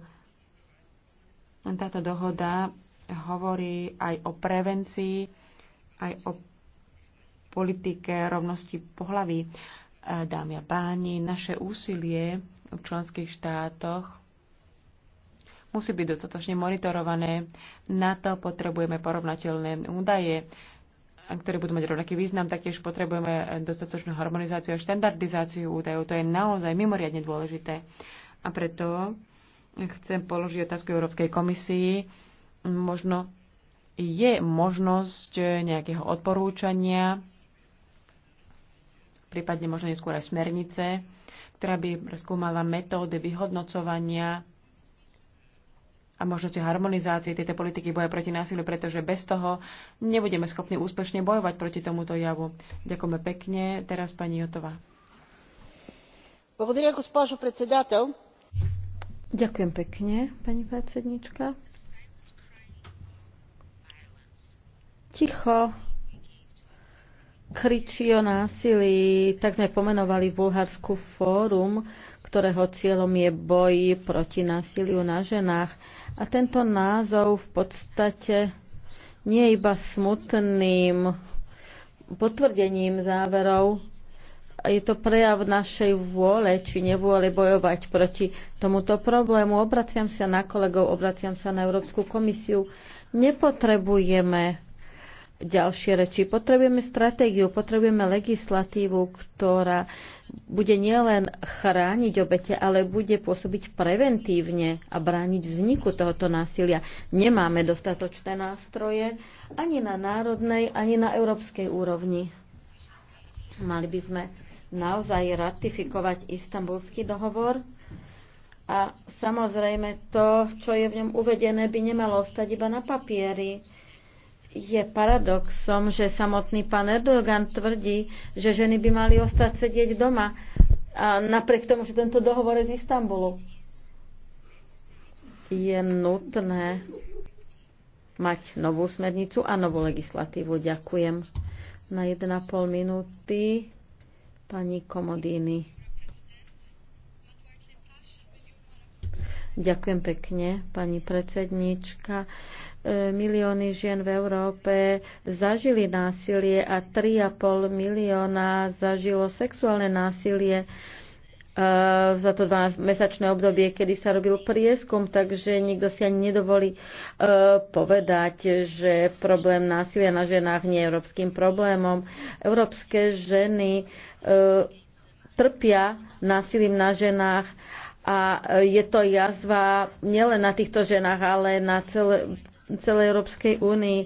Táto dohoda hovorí aj o prevencii, aj o politike rovnosti pohlaví. E, dámy a páni, naše úsilie v členských štátoch musí byť dostatočne monitorované. Na to potrebujeme porovnateľné údaje, ktoré budú mať rovnaký význam. Taktiež potrebujeme dostatočnú harmonizáciu a štandardizáciu údajov. To je naozaj mimoriadne dôležité. A preto chcem položiť otázku Európskej komisii možno je možnosť nejakého odporúčania, prípadne možno neskôr aj smernice, ktorá by preskúmala metódy vyhodnocovania a možnosti harmonizácie tejto politiky boja proti násiliu, pretože bez toho nebudeme schopní úspešne bojovať proti tomuto javu. Ďakujeme pekne. Teraz pani Jotová. Ďakujem pekne, pani predsednička. ticho kričí o násilí, tak sme pomenovali bulharskú fórum, ktorého cieľom je boj proti násiliu na ženách. A tento názov v podstate nie je iba smutným potvrdením záverov, je to prejav našej vôle či nevôle bojovať proti tomuto problému. Obraciam sa na kolegov, obraciam sa na Európsku komisiu. Nepotrebujeme ďalšie reči. Potrebujeme stratégiu, potrebujeme legislatívu, ktorá bude nielen chrániť obete, ale bude pôsobiť preventívne a brániť vzniku tohoto násilia. Nemáme dostatočné nástroje ani na národnej, ani na európskej úrovni. Mali by sme naozaj ratifikovať istambulský dohovor a samozrejme to, čo je v ňom uvedené, by nemalo ostať iba na papieri je paradoxom, že samotný pán Erdogan tvrdí, že ženy by mali ostať sedieť doma, a napriek tomu, že tento dohovor je z Istanbulu. Je nutné mať novú smernicu a novú legislatívu. Ďakujem. Na 1,5 minúty pani Komodíny. Ďakujem pekne, pani predsedníčka. E, milióny žien v Európe zažili násilie a 3,5 milióna zažilo sexuálne násilie e, za to dva mesačné obdobie, kedy sa robil prieskum, takže nikto si ani nedovolí e, povedať, že problém násilia na ženách nie je európskym problémom. Európske ženy trpia násilím na ženách a je to jazva nielen na týchto ženách, ale na celé, celej Európskej únii.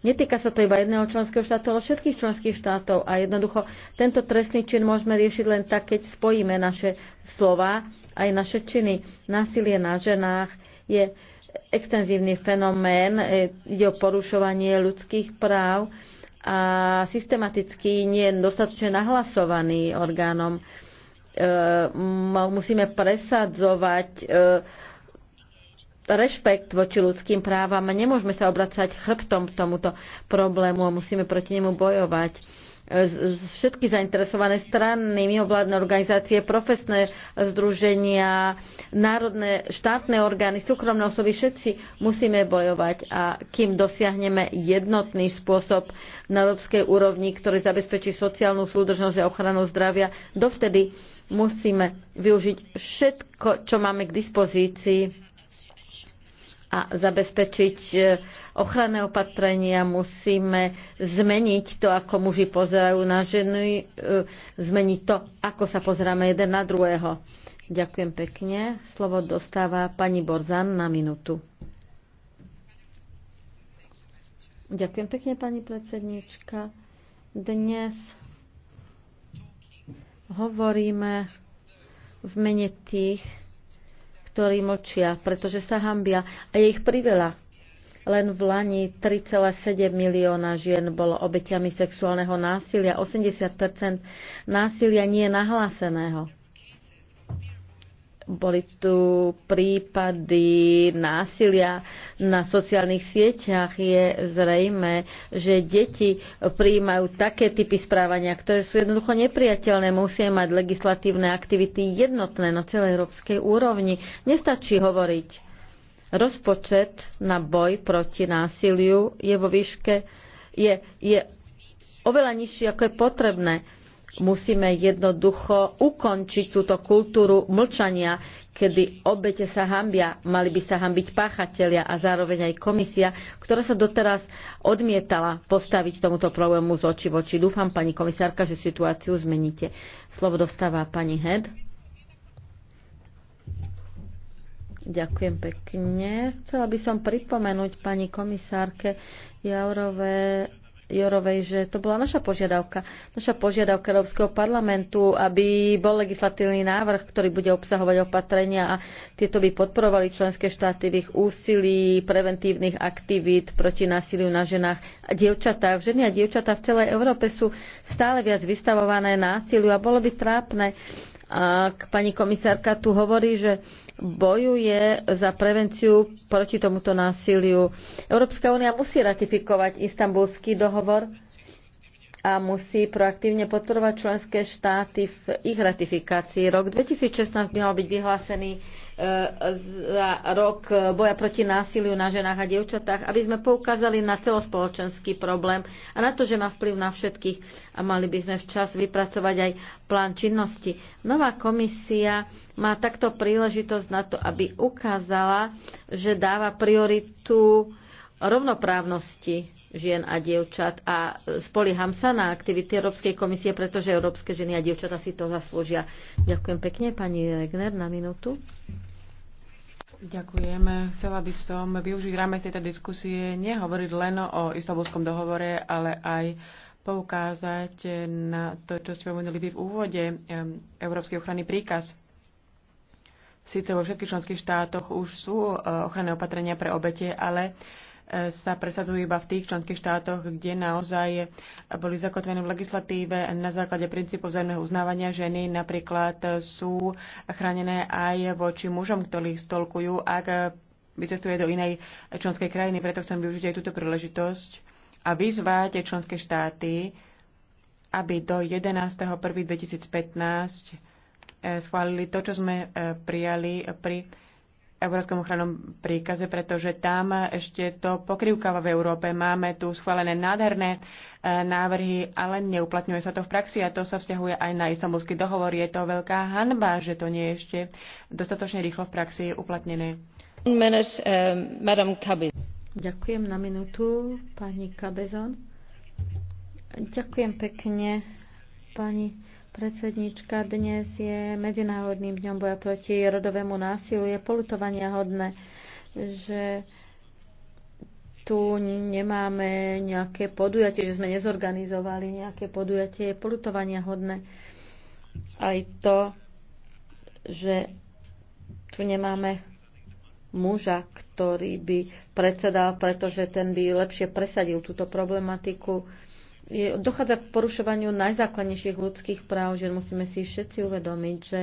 Netýka sa to iba jedného členského štátu, ale všetkých členských štátov. A jednoducho tento trestný čin môžeme riešiť len tak, keď spojíme naše slova aj naše činy. Násilie na ženách je extenzívny fenomén, e, ide o porušovanie ľudských práv a systematicky nie je dostatočne nahlasovaný orgánom. E, musíme presadzovať e, rešpekt voči ľudským právam a nemôžeme sa obracať chrbtom k tomuto problému a musíme proti nemu bojovať všetky zainteresované strany, mimovládne organizácie, profesné združenia, národné, štátne orgány, súkromné osoby, všetci musíme bojovať a kým dosiahneme jednotný spôsob na európskej úrovni, ktorý zabezpečí sociálnu súdržnosť a ochranu zdravia, dovtedy musíme využiť všetko, čo máme k dispozícii a zabezpečiť e, ochranné opatrenia, musíme zmeniť to, ako muži pozerajú na ženy, e, zmeniť to, ako sa pozeráme jeden na druhého. Ďakujem pekne. Slovo dostáva pani Borzan na minútu. Ďakujem pekne, pani predsednička. Dnes hovoríme v mene tých, ktorí močia, pretože sa hambia a je ich priveľa. Len v Lani 3,7 milióna žien bolo obeťami sexuálneho násilia. 80 násilia nie je nahláseného. Boli tu prípady násilia na sociálnych sieťach. Je zrejme, že deti prijímajú také typy správania, ktoré sú jednoducho nepriateľné. Musia mať legislatívne aktivity jednotné na celej európskej úrovni. Nestačí hovoriť. Rozpočet na boj proti násiliu je vo výške je, je oveľa nižší, ako je potrebné Musíme jednoducho ukončiť túto kultúru mlčania, kedy obete sa hambia, mali by sa hambiť páchatelia a zároveň aj komisia, ktorá sa doteraz odmietala postaviť tomuto problému z oči v oči. Dúfam, pani komisárka, že situáciu zmeníte. Slovo dostáva pani Head. Ďakujem pekne. Chcela by som pripomenúť pani komisárke Jaurové Jorovej, že to bola naša požiadavka. Naša požiadavka Európskeho parlamentu, aby bol legislatívny návrh, ktorý bude obsahovať opatrenia a tieto by podporovali členské štáty v ich úsilí preventívnych aktivít proti násiliu na ženách a dievčatách. Ženy a dievčatá v celej Európe sú stále viac vystavované násiliu a bolo by trápne, ak pani komisárka tu hovorí, že bojuje za prevenciu proti tomuto násiliu. Európska únia musí ratifikovať istambulský dohovor a musí proaktívne podporovať členské štáty v ich ratifikácii. Rok 2016 by mal byť vyhlásený E, e, za rok e, boja proti násiliu na ženách a dievčatách, aby sme poukázali na celospoločenský problém a na to, že má vplyv na všetkých a mali by sme včas vypracovať aj plán činnosti. Nová komisia má takto príležitosť na to, aby ukázala, že dáva prioritu rovnoprávnosti žien a dievčat a spolieham sa na aktivity Európskej komisie, pretože európske ženy a dievčata si to zaslúžia. Ďakujem pekne, pani Regner, na minútu. Ďakujem. Chcela by som využiť rámec tejto diskusie nehovoriť len o istambulskom dohovore, ale aj poukázať na to, čo ste pomenuli vy v úvode, Európsky ochranný príkaz. Sice vo všetkých členských štátoch už sú eh, ochranné opatrenia pre obete, ale sa presadzujú iba v tých členských štátoch, kde naozaj boli zakotvené v legislatíve na základe princípu vzájomného uznávania ženy napríklad sú chránené aj voči mužom, ktorí stolkujú, ak vycestuje do inej členskej krajiny. Preto chcem využiť aj túto príležitosť a vyzvať členské štáty, aby do 11.1.2015 schválili to, čo sme eh, prijali pri Európskom ochrannom príkaze, pretože tam ešte to pokrývkava v Európe. Máme tu schválené nádherné e, návrhy, ale neuplatňuje sa to v praxi a to sa vzťahuje aj na istambulský dohovor. Je to veľká hanba, že to nie je ešte dostatočne rýchlo v praxi uplatnené. E, Ďakujem na minútu, pani Kabezon. Ďakujem pekne, pani predsednička. Dnes je Medzinárodným dňom boja proti rodovému násilu. Je polutovania hodné, že tu nemáme nejaké podujatie, že sme nezorganizovali nejaké podujatie. Je polutovania hodné aj to, že tu nemáme muža, ktorý by predsedal, pretože ten by lepšie presadil túto problematiku je, dochádza k porušovaniu najzákladnejších ľudských práv, že musíme si všetci uvedomiť, že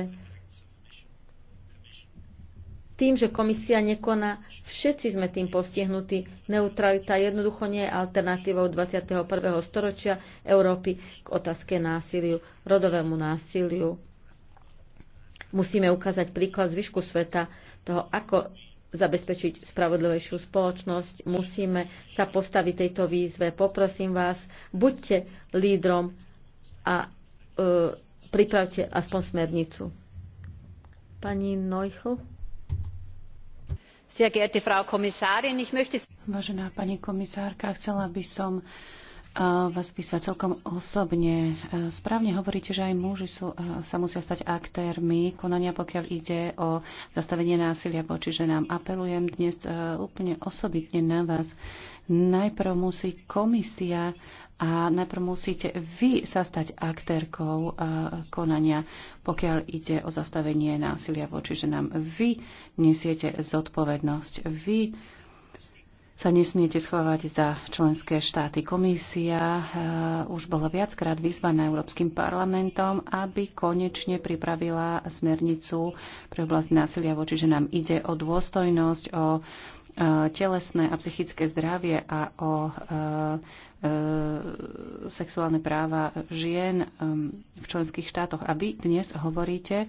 tým, že komisia nekoná, všetci sme tým postihnutí. Neutralita jednoducho nie je alternatívou 21. storočia Európy k otázke násiliu, rodovému násiliu. Musíme ukázať príklad zvyšku sveta toho, ako zabezpečiť spravodlivejšiu spoločnosť. Musíme sa postaviť tejto výzve. Poprosím vás, buďte lídrom a e, pripravte aspoň smernicu. Pani Neuchl. Sehr geehrte Frau Kommissarin, ich möchte... Vážená pani komisárka, chcela by som vás písať celkom osobne. E, správne hovoríte, že aj muži sú, e, sa musia stať aktérmi konania, pokiaľ ide o zastavenie násilia voči ženám. Apelujem dnes e, úplne osobitne na vás. Najprv musí komisia a najprv musíte vy sa stať aktérkou konania, pokiaľ ide o zastavenie násilia voči ženám. Vy nesiete zodpovednosť. Vy sa nesmiete schovať za členské štáty. Komisia eh, už bola viackrát vyzvaná Európskym parlamentom, aby konečne pripravila smernicu pre oblasť násilia voči ženám. Ide o dôstojnosť, o eh, telesné a psychické zdravie a o eh, sexuálne práva žien ehm, v členských štátoch. A vy dnes hovoríte,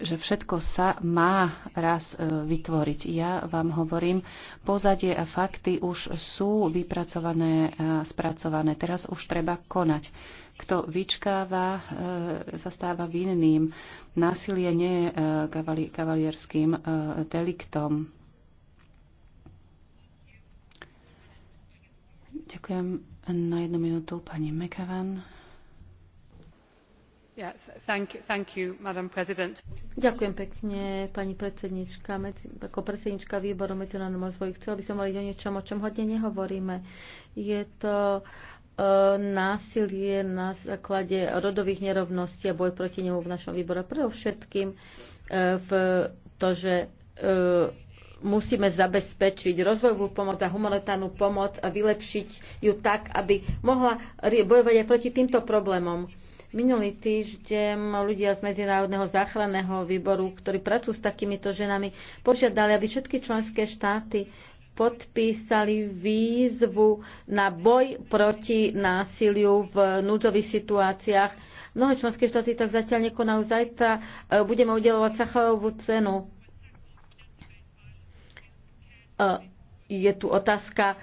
že všetko sa má raz e, vytvoriť. Ja vám hovorím, pozadie a fakty už sú vypracované a spracované. Teraz už treba konať. Kto vyčkáva, sa e, stáva vinným. Násilie nie je e, kavalierským deliktom. Ďakujem na jednu minútu pani Mekavan. Ďakujem pekne, pani ako predsedníčka výboru medzinárodného rozvoju chcela by som hovoriť o niečom, o čom hodne nehovoríme. Je to e, násilie na základe rodových nerovností a boj proti nemu v našom výbore. predovšetkým e, v to, že e, musíme zabezpečiť rozvojovú pomoc a humanitárnu pomoc a vylepšiť ju tak, aby mohla bojovať aj proti týmto problémom. Minulý týždeň ľudia z Medzinárodného záchranného výboru, ktorí pracujú s takýmito ženami, požiadali, aby všetky členské štáty podpísali výzvu na boj proti násiliu v núdzových situáciách. Mnohé členské štáty tak zatiaľ nekonajú. Zajtra e, budeme udelovať Sacharovú cenu. E, je tu otázka, e,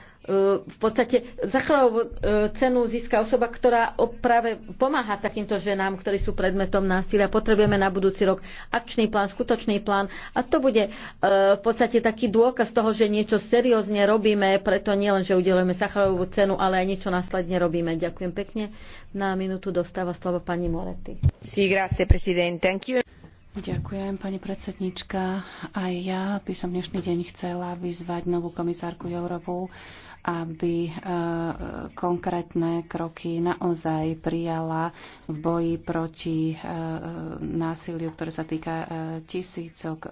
v podstate zachranovú e, cenu získa osoba, ktorá práve pomáha takýmto ženám, ktorí sú predmetom násilia. Potrebujeme na budúci rok akčný plán, skutočný plán a to bude e, v podstate taký dôkaz toho, že niečo seriózne robíme, preto nielen, že udelujeme Sacharovú cenu, ale aj niečo následne robíme. Ďakujem pekne. Na minútu dostáva slovo pani Moretti. Sí, grazie, presidente. Anch'io... Ďakujem, pani predsednička. Aj ja by som dnešný deň chcela vyzvať novú komisárku Jourovú, aby e, konkrétne kroky naozaj prijala v boji proti e, násiliu, ktoré sa týka e, tisícok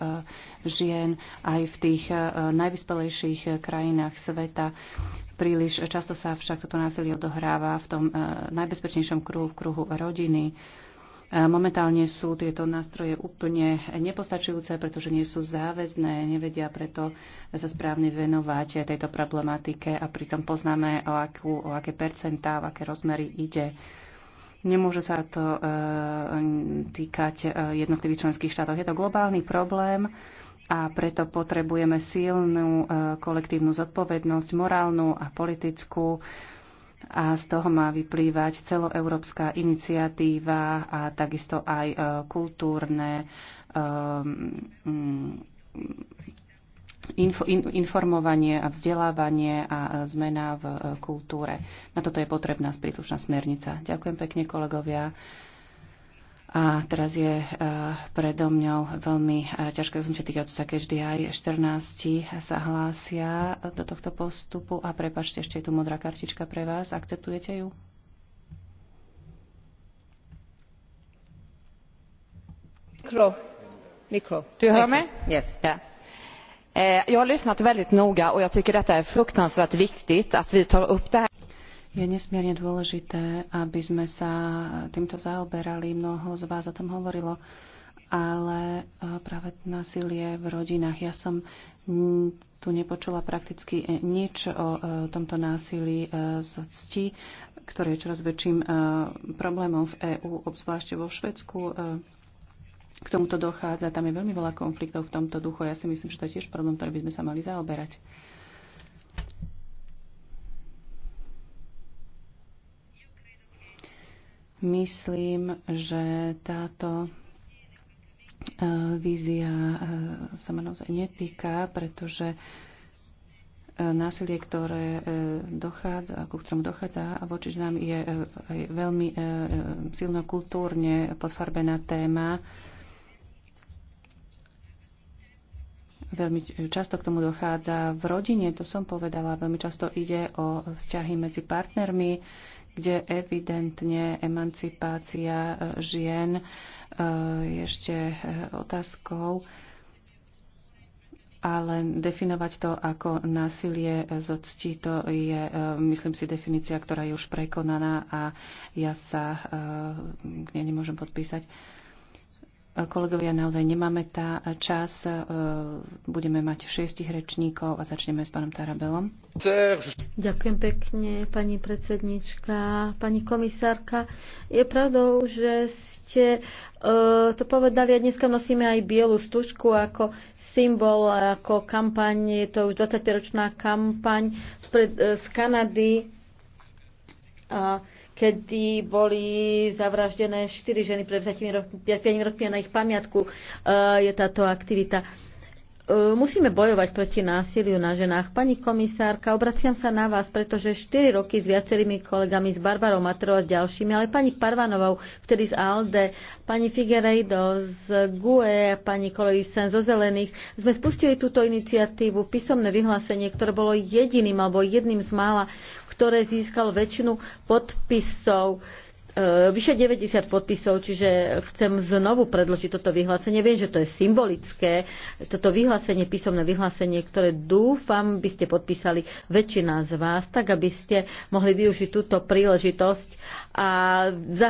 žien aj v tých najvyspelejších krajinách sveta. Príliš často sa však toto násilie odohráva v tom najbezpečnejšom kruhu, v kruhu rodiny Momentálne sú tieto nástroje úplne nepostačujúce, pretože nie sú záväzné, nevedia preto sa správne venovať tejto problematike a pritom poznáme, o, akú, o aké percentá, o aké rozmery ide. Nemôže sa to e, týkať e, jednotlivých členských štátov. Je to globálny problém a preto potrebujeme silnú e, kolektívnu zodpovednosť, morálnu a politickú, a z toho má vyplývať celoeurópska iniciatíva a takisto aj e, kultúrne e, mm, informovanie a vzdelávanie a e, zmena v kultúre. Na toto je potrebná príslušná smernica. Ďakujem pekne kolegovia. A teraz je e, predo mňou veľmi e, ťažké rozhodnutie tých otcov, keď vždy aj 14 sa hlásia do tohto postupu. A prepačte, ešte je tu modrá kartička pre vás. Akceptujete ju? Mikro. Mikro. Tu hör mig? Yes. Ja. Eh, jag har lyssnat väldigt noga och jag tycker detta är fruktansvärt viktigt att vi tar upp det här. Je nesmierne dôležité, aby sme sa týmto zaoberali. Mnoho z vás o tom hovorilo, ale e, práve násilie v rodinách. Ja som tu nepočula prakticky e, nič o e, tomto násilí z cti, ktoré je čoraz väčším problémom v EÚ, obzvlášť vo Švedsku. K tomuto dochádza, tam je veľmi veľa konfliktov v tomto duchu. Ja si myslím, že to je tiež problém, ktorý by sme sa mali zaoberať. Myslím, že táto e, vízia e, sa ma naozaj netýka, pretože e, násilie, ktoré dochádza, ku ktorom dochádza a voči nám je aj veľmi silno kultúrne podfarbená téma. Veľmi často k tomu dochádza v rodine, to som povedala. Veľmi často ide o vzťahy medzi partnermi, kde evidentne emancipácia e, žien e, je ešte e, otázkou, ale definovať to ako násilie z cti, to je, myslím si, definícia, ktorá je už prekonaná a ja sa k nej nemôžem podpísať. Kolegovia, naozaj nemáme tá čas. E, budeme mať šiestich rečníkov a začneme s pánom Tarabelom. Ďakujem pekne, pani predsednička, pani komisárka. Je pravdou, že ste e, to povedali a dneska nosíme aj bielu stužku ako symbol, ako kampaň. Je to už 25-ročná kampaň e, z Kanady. A kedy boli zavraždené štyri ženy pred 5 rokmi na ich pamiatku e, je táto aktivita. E, musíme bojovať proti násiliu na ženách. Pani komisárka, obraciam sa na vás, pretože 4 roky s viacerými kolegami, s Barbarou Matrou a ďalšími, ale pani Parvanovou, vtedy z ALDE, pani Figueiredo z GUE, pani Kolejsen zo Zelených, sme spustili túto iniciatívu, písomné vyhlásenie, ktoré bolo jediným alebo jedným z mála ktoré získalo väčšinu podpisov e, vyše 90 podpisov, čiže chcem znovu predložiť toto vyhlásenie. Viem, že to je symbolické, toto vyhlásenie, písomné vyhlásenie, ktoré dúfam by ste podpísali väčšina z vás, tak aby ste mohli využiť túto príležitosť a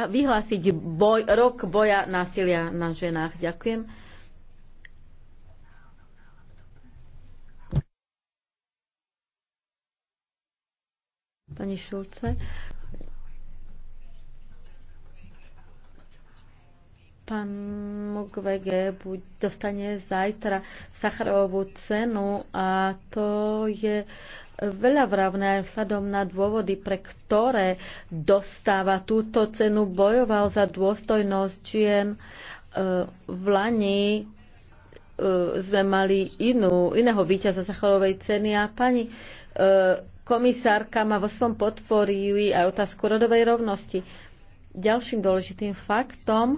vyhlásiť boj, rok boja násilia na ženách. Ďakujem. pani Šulce. Pán Mukwege dostane zajtra Sacharovú cenu a to je veľa vravné vzhľadom na dôvody, pre ktoré dostáva túto cenu. Bojoval za dôstojnosť žien e, v Lani e, sme mali inú, iného víťaza Sacharovej ceny a pani e, komisárka má vo svojom potvorí aj otázku rodovej rovnosti. Ďalším dôležitým faktom,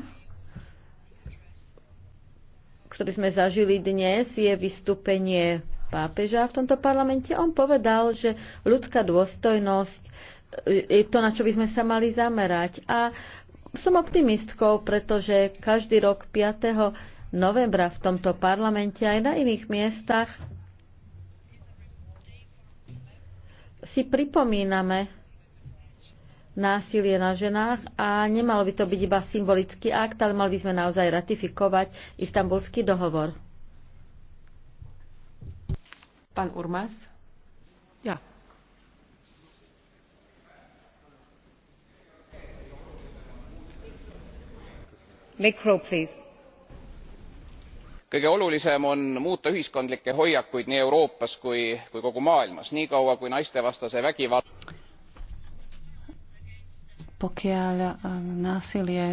ktorý sme zažili dnes, je vystúpenie pápeža v tomto parlamente. On povedal, že ľudská dôstojnosť e, je to, na čo by sme sa mali zamerať. A som optimistkou, pretože každý rok 5. novembra v tomto parlamente aj na iných miestach si pripomíname násilie na ženách a nemalo by to byť iba symbolický akt, ale mali by sme naozaj ratifikovať istambulský dohovor. Pán Urmas. Ja. Mikro, please kõige olulisem on muuta ühiskondlikke hoiakuid nii euroopas kui ka kogu maailmas niikaua kui naistevastase vägivalla pokiaľ eh, násilie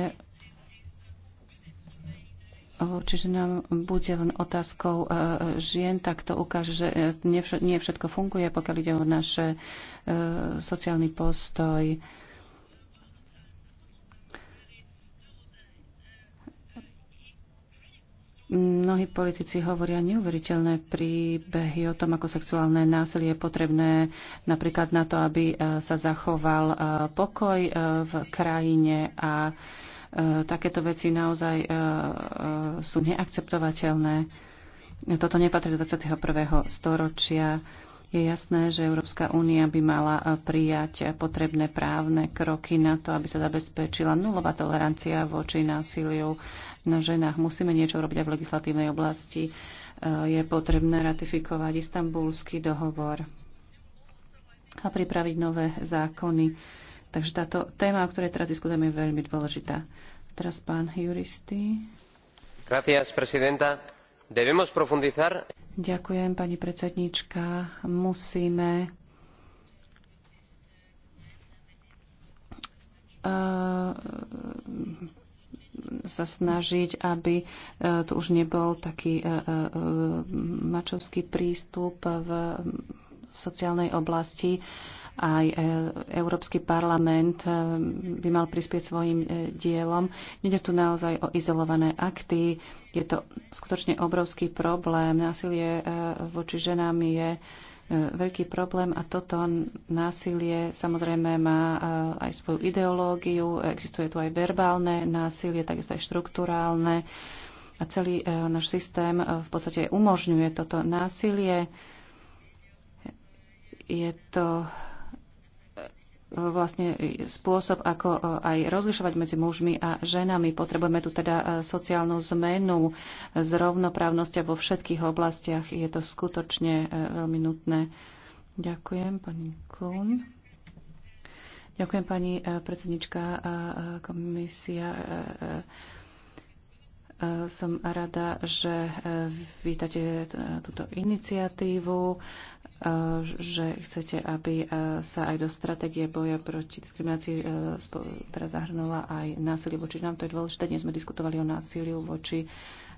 voči ženám bude len otázkou eh, žien, tak to ukáže, že eh, nie všetko funguje, pokiaľ ide o naše sociálny postoj Mnohí politici hovoria neuveriteľné príbehy o tom, ako sexuálne násilie je potrebné napríklad na to, aby e, sa zachoval e, pokoj e, v krajine a takéto veci naozaj sú neakceptovateľné. Toto nepatrí do 21. storočia. Je jasné, že Európska únia by mala eh, prijať eh, potrebné právne kroky na to, aby sa zabezpečila nulová tolerancia voči násiliu na ženách. Musíme niečo robiť aj v legislatívnej oblasti. Eh, je potrebné ratifikovať istambulský dohovor a pripraviť nové zákony. Takže táto téma, o ktorej teraz diskutujeme, je veľmi dôležitá. Teraz pán juristy. Gracias, presidenta. Debemos profundizar Ďakujem, pani predsednička. Musíme eh, sa snažiť, aby eh, tu už nebol taký eh, mačovský prístup v sociálnej oblasti aj e, Európsky parlament e, by mal prispieť svojim e, dielom. Nede tu naozaj o izolované akty. Je to skutočne obrovský problém. Násilie voči ženám je veľký problém a toto násilie samozrejme má aj svoju ideológiu, existuje tu aj verbálne násilie, takisto aj štruktúrálne a celý náš systém v podstate umožňuje toto násilie. Je to vlastne spôsob, ako e, aj rozlišovať medzi mužmi a ženami. Potrebujeme tu teda e, sociálnu zmenu, z rovnoprávnosti vo všetkých oblastiach. Je to skutočne e, veľmi nutné. Ďakujem, pani Klun. Ďakujem, pani predsednička komisia. Som rada, že vítate túto iniciatívu že chcete, aby sa aj do stratégie boja proti diskriminácii teda zahrnula aj násilie voči nám. To je dôležité. Dnes sme diskutovali o násiliu voči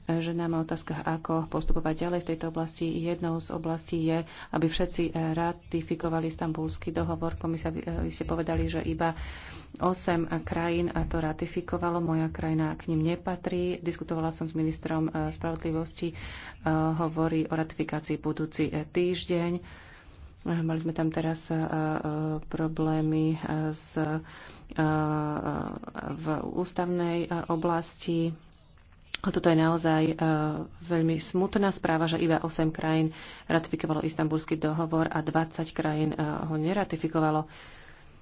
nám o otázkach, ako postupovať ďalej v tejto oblasti. Jednou z oblastí je, aby všetci ratifikovali istambulský dohovor. Komisia, vy ste povedali, že iba 8 krajín to ratifikovalo. Moja krajina k ním nepatrí. Diskutovala som s ministrom eh, spravodlivosti. Eh, hovorí o ratifikácii budúci eh, týždeň. Mali sme tam teraz problémy s v ústavnej oblasti a Toto je naozaj e, veľmi smutná správa, že iba 8 krajín ratifikovalo istambulský dohovor a 20 krajín e, ho neratifikovalo.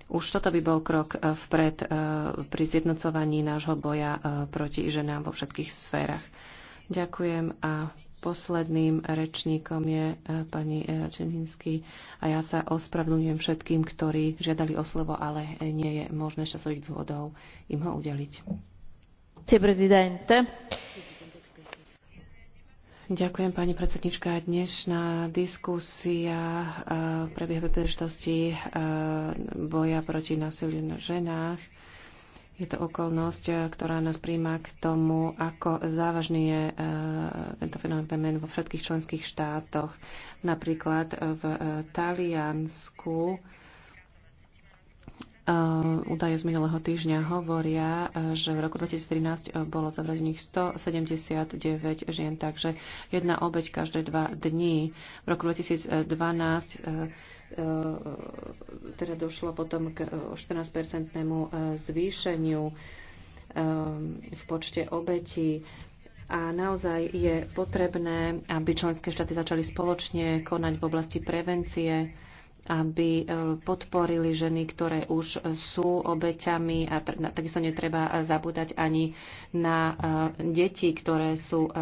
Už toto by bol krok e, vpred pri zjednocovaní nášho boja proti ženám vo všetkých sférach. Ďakujem a posledným rečníkom je pani Čeninsky a ja sa ospravedlňujem všetkým, ktorí žiadali o slovo, ale nie je možné časových dôvodov im ho udeliť. Ďakujem, pani predsednička. Dnešná diskusia e, prebieha v príležitosti e, boja proti násiliu na ženách. Je to okolnosť, e, ktorá nás príjma k tomu, ako závažný je tento fenomén vo všetkých členských štátoch. Napríklad v Taliansku Eh, údaje z minulého týždňa hovoria, eh, že v roku 2013 eh, bolo zavraždených 179 žien, takže jedna obeď každé dva dní. V roku 2012 teda došlo potom k 14-percentnému zvýšeniu v počte obetí. A naozaj je potrebné, aby členské štáty začali spoločne konať v oblasti prevencie aby e, podporili ženy, ktoré už sú obeťami a takisto netreba zabúdať ani na e, deti, ktoré sú e,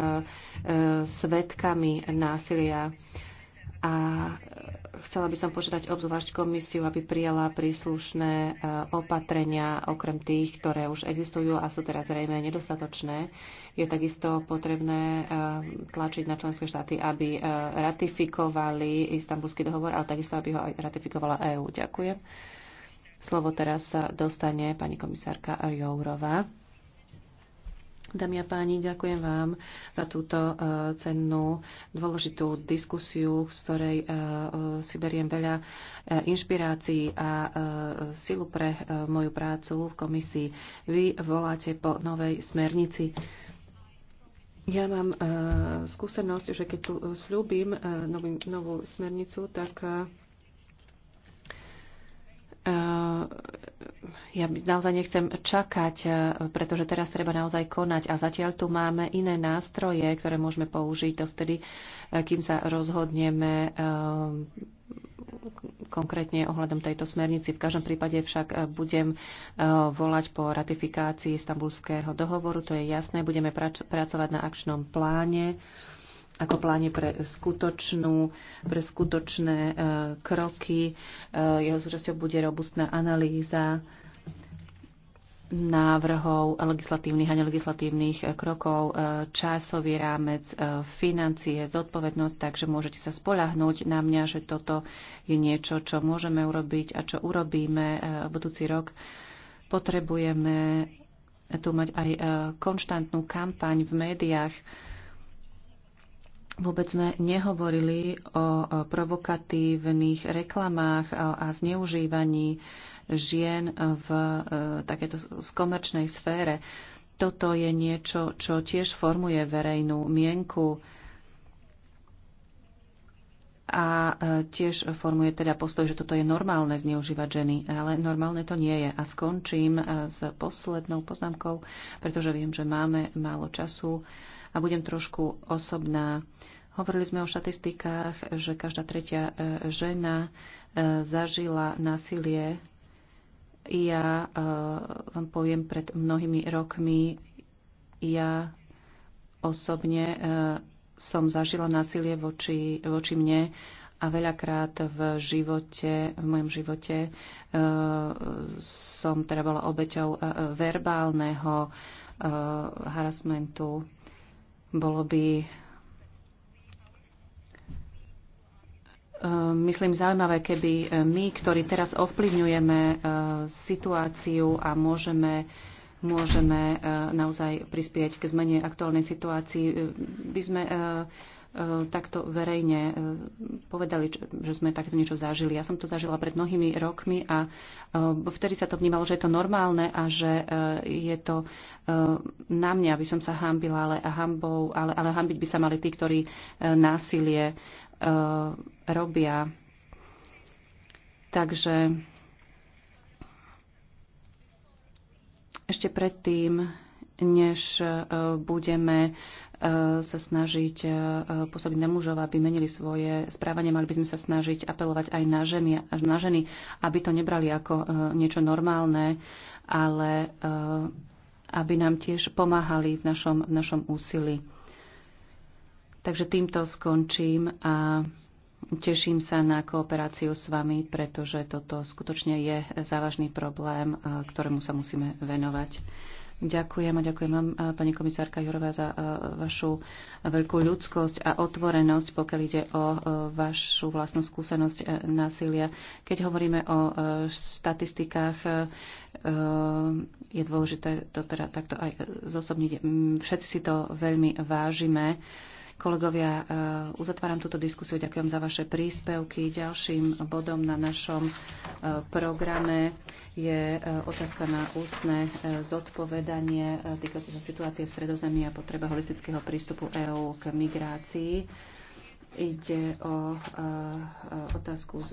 svetkami násilia a e, chcela by som požiadať obzvlášť komisiu, aby prijala príslušné e, opatrenia, okrem tých, ktoré už existujú a sú teraz zrejme nedostatočné. Je takisto potrebné e, tlačiť na členské štáty, aby ratifikovali istambulský dohovor, ale takisto, aby ho aj ratifikovala EÚ. Ďakujem. Slovo teraz dostane pani komisárka Jourová. Dámy a páni, ďakujem vám za túto e, cennú, dôležitú diskusiu, z ktorej e, e, si beriem veľa inšpirácií a silu pre moju prácu v komisii. Vy voláte po novej smernici. Ja mám skúsenosť, že keď tu slúbim novú smernicu, tak Eh, ja naozaj nechcem čakať, eh, pretože teraz treba naozaj konať a zatiaľ tu máme iné nástroje, ktoré môžeme použiť dovtedy, eh, kým sa rozhodneme konkrétne ohľadom tejto smernici. V každom prípade však budem volať po ratifikácii Stambulského dohovoru, to je jasné, budeme pracovať na akčnom pláne ako pláne pre, skutočnú, pre skutočné e, kroky. E, jeho súčasťou bude robustná analýza návrhov legislatívnych a nelegislatívnych e, krokov, e, časový rámec, e, financie, zodpovednosť, takže môžete sa spolahnúť na mňa, že toto je niečo, čo môžeme urobiť a čo urobíme budúci rok. Potrebujeme tu mať aj konštantnú kampaň v médiách, Vôbec sme nehovorili o provokatívnych reklamách a zneužívaní žien v e, takéto komerčnej sfére. Toto je niečo, čo tiež formuje verejnú mienku a e, tiež formuje teda postoj, že toto je normálne zneužívať ženy, ale normálne to nie je. A skončím e, s poslednou poznámkou, pretože viem, že máme málo času a budem trošku osobná. Hovorili sme o štatistikách, že každá tretia e, žena e, zažila násilie. Ja e, vám poviem, pred mnohými rokmi ja osobne som zažila násilie voči, voči mne a veľakrát v živote, v mojom živote som teda bola obeťou verbálneho harasmentu. Bolo by Ehm, myslím, zaujímavé, keby e, my, ktorí teraz ovplyvňujeme e, situáciu a môžeme môžeme e, naozaj prispieť k zmene aktuálnej situácii, by sme takto verejne povedali, že sme takto niečo zažili. Ja som to zažila pred mnohými rokmi a vtedy sa to vnímalo, že je to normálne a že je to na mňa, aby som sa hambila, ale, hambou, ale, ale hambiť by sa mali tí, ktorí násilie Eh, robia. Takže ešte predtým, než eh, budeme eh, sa snažiť pôsobiť na mužov, aby menili svoje správanie. Mali by sme sa snažiť apelovať aj na ženy, na ženy aby to nebrali ako niečo normálne, ale aby nám tiež pomáhali v našom, v našom úsilí. Takže týmto skončím a teším sa na kooperáciu s vami, pretože toto skutočne je závažný problém, ktorému sa musíme venovať. Ďakujem a ďakujem vám, pani komisárka Jurová, za vašu veľkú ľudskosť a otvorenosť, pokiaľ ide o vašu vlastnú skúsenosť e, násilia. Keď hovoríme o e, štatistikách, e, je dôležité to teda takto aj zosobniť. Všetci si to veľmi vážime Kolegovia, e, uzatváram túto diskusiu. Ďakujem za vaše príspevky. Ďalším bodom na našom e, programe je e, otázka na ústne zodpovedanie týkajúce sa situácie v Sredozemí a potreba holistického prístupu EÚ k migrácii. Ide o otázku z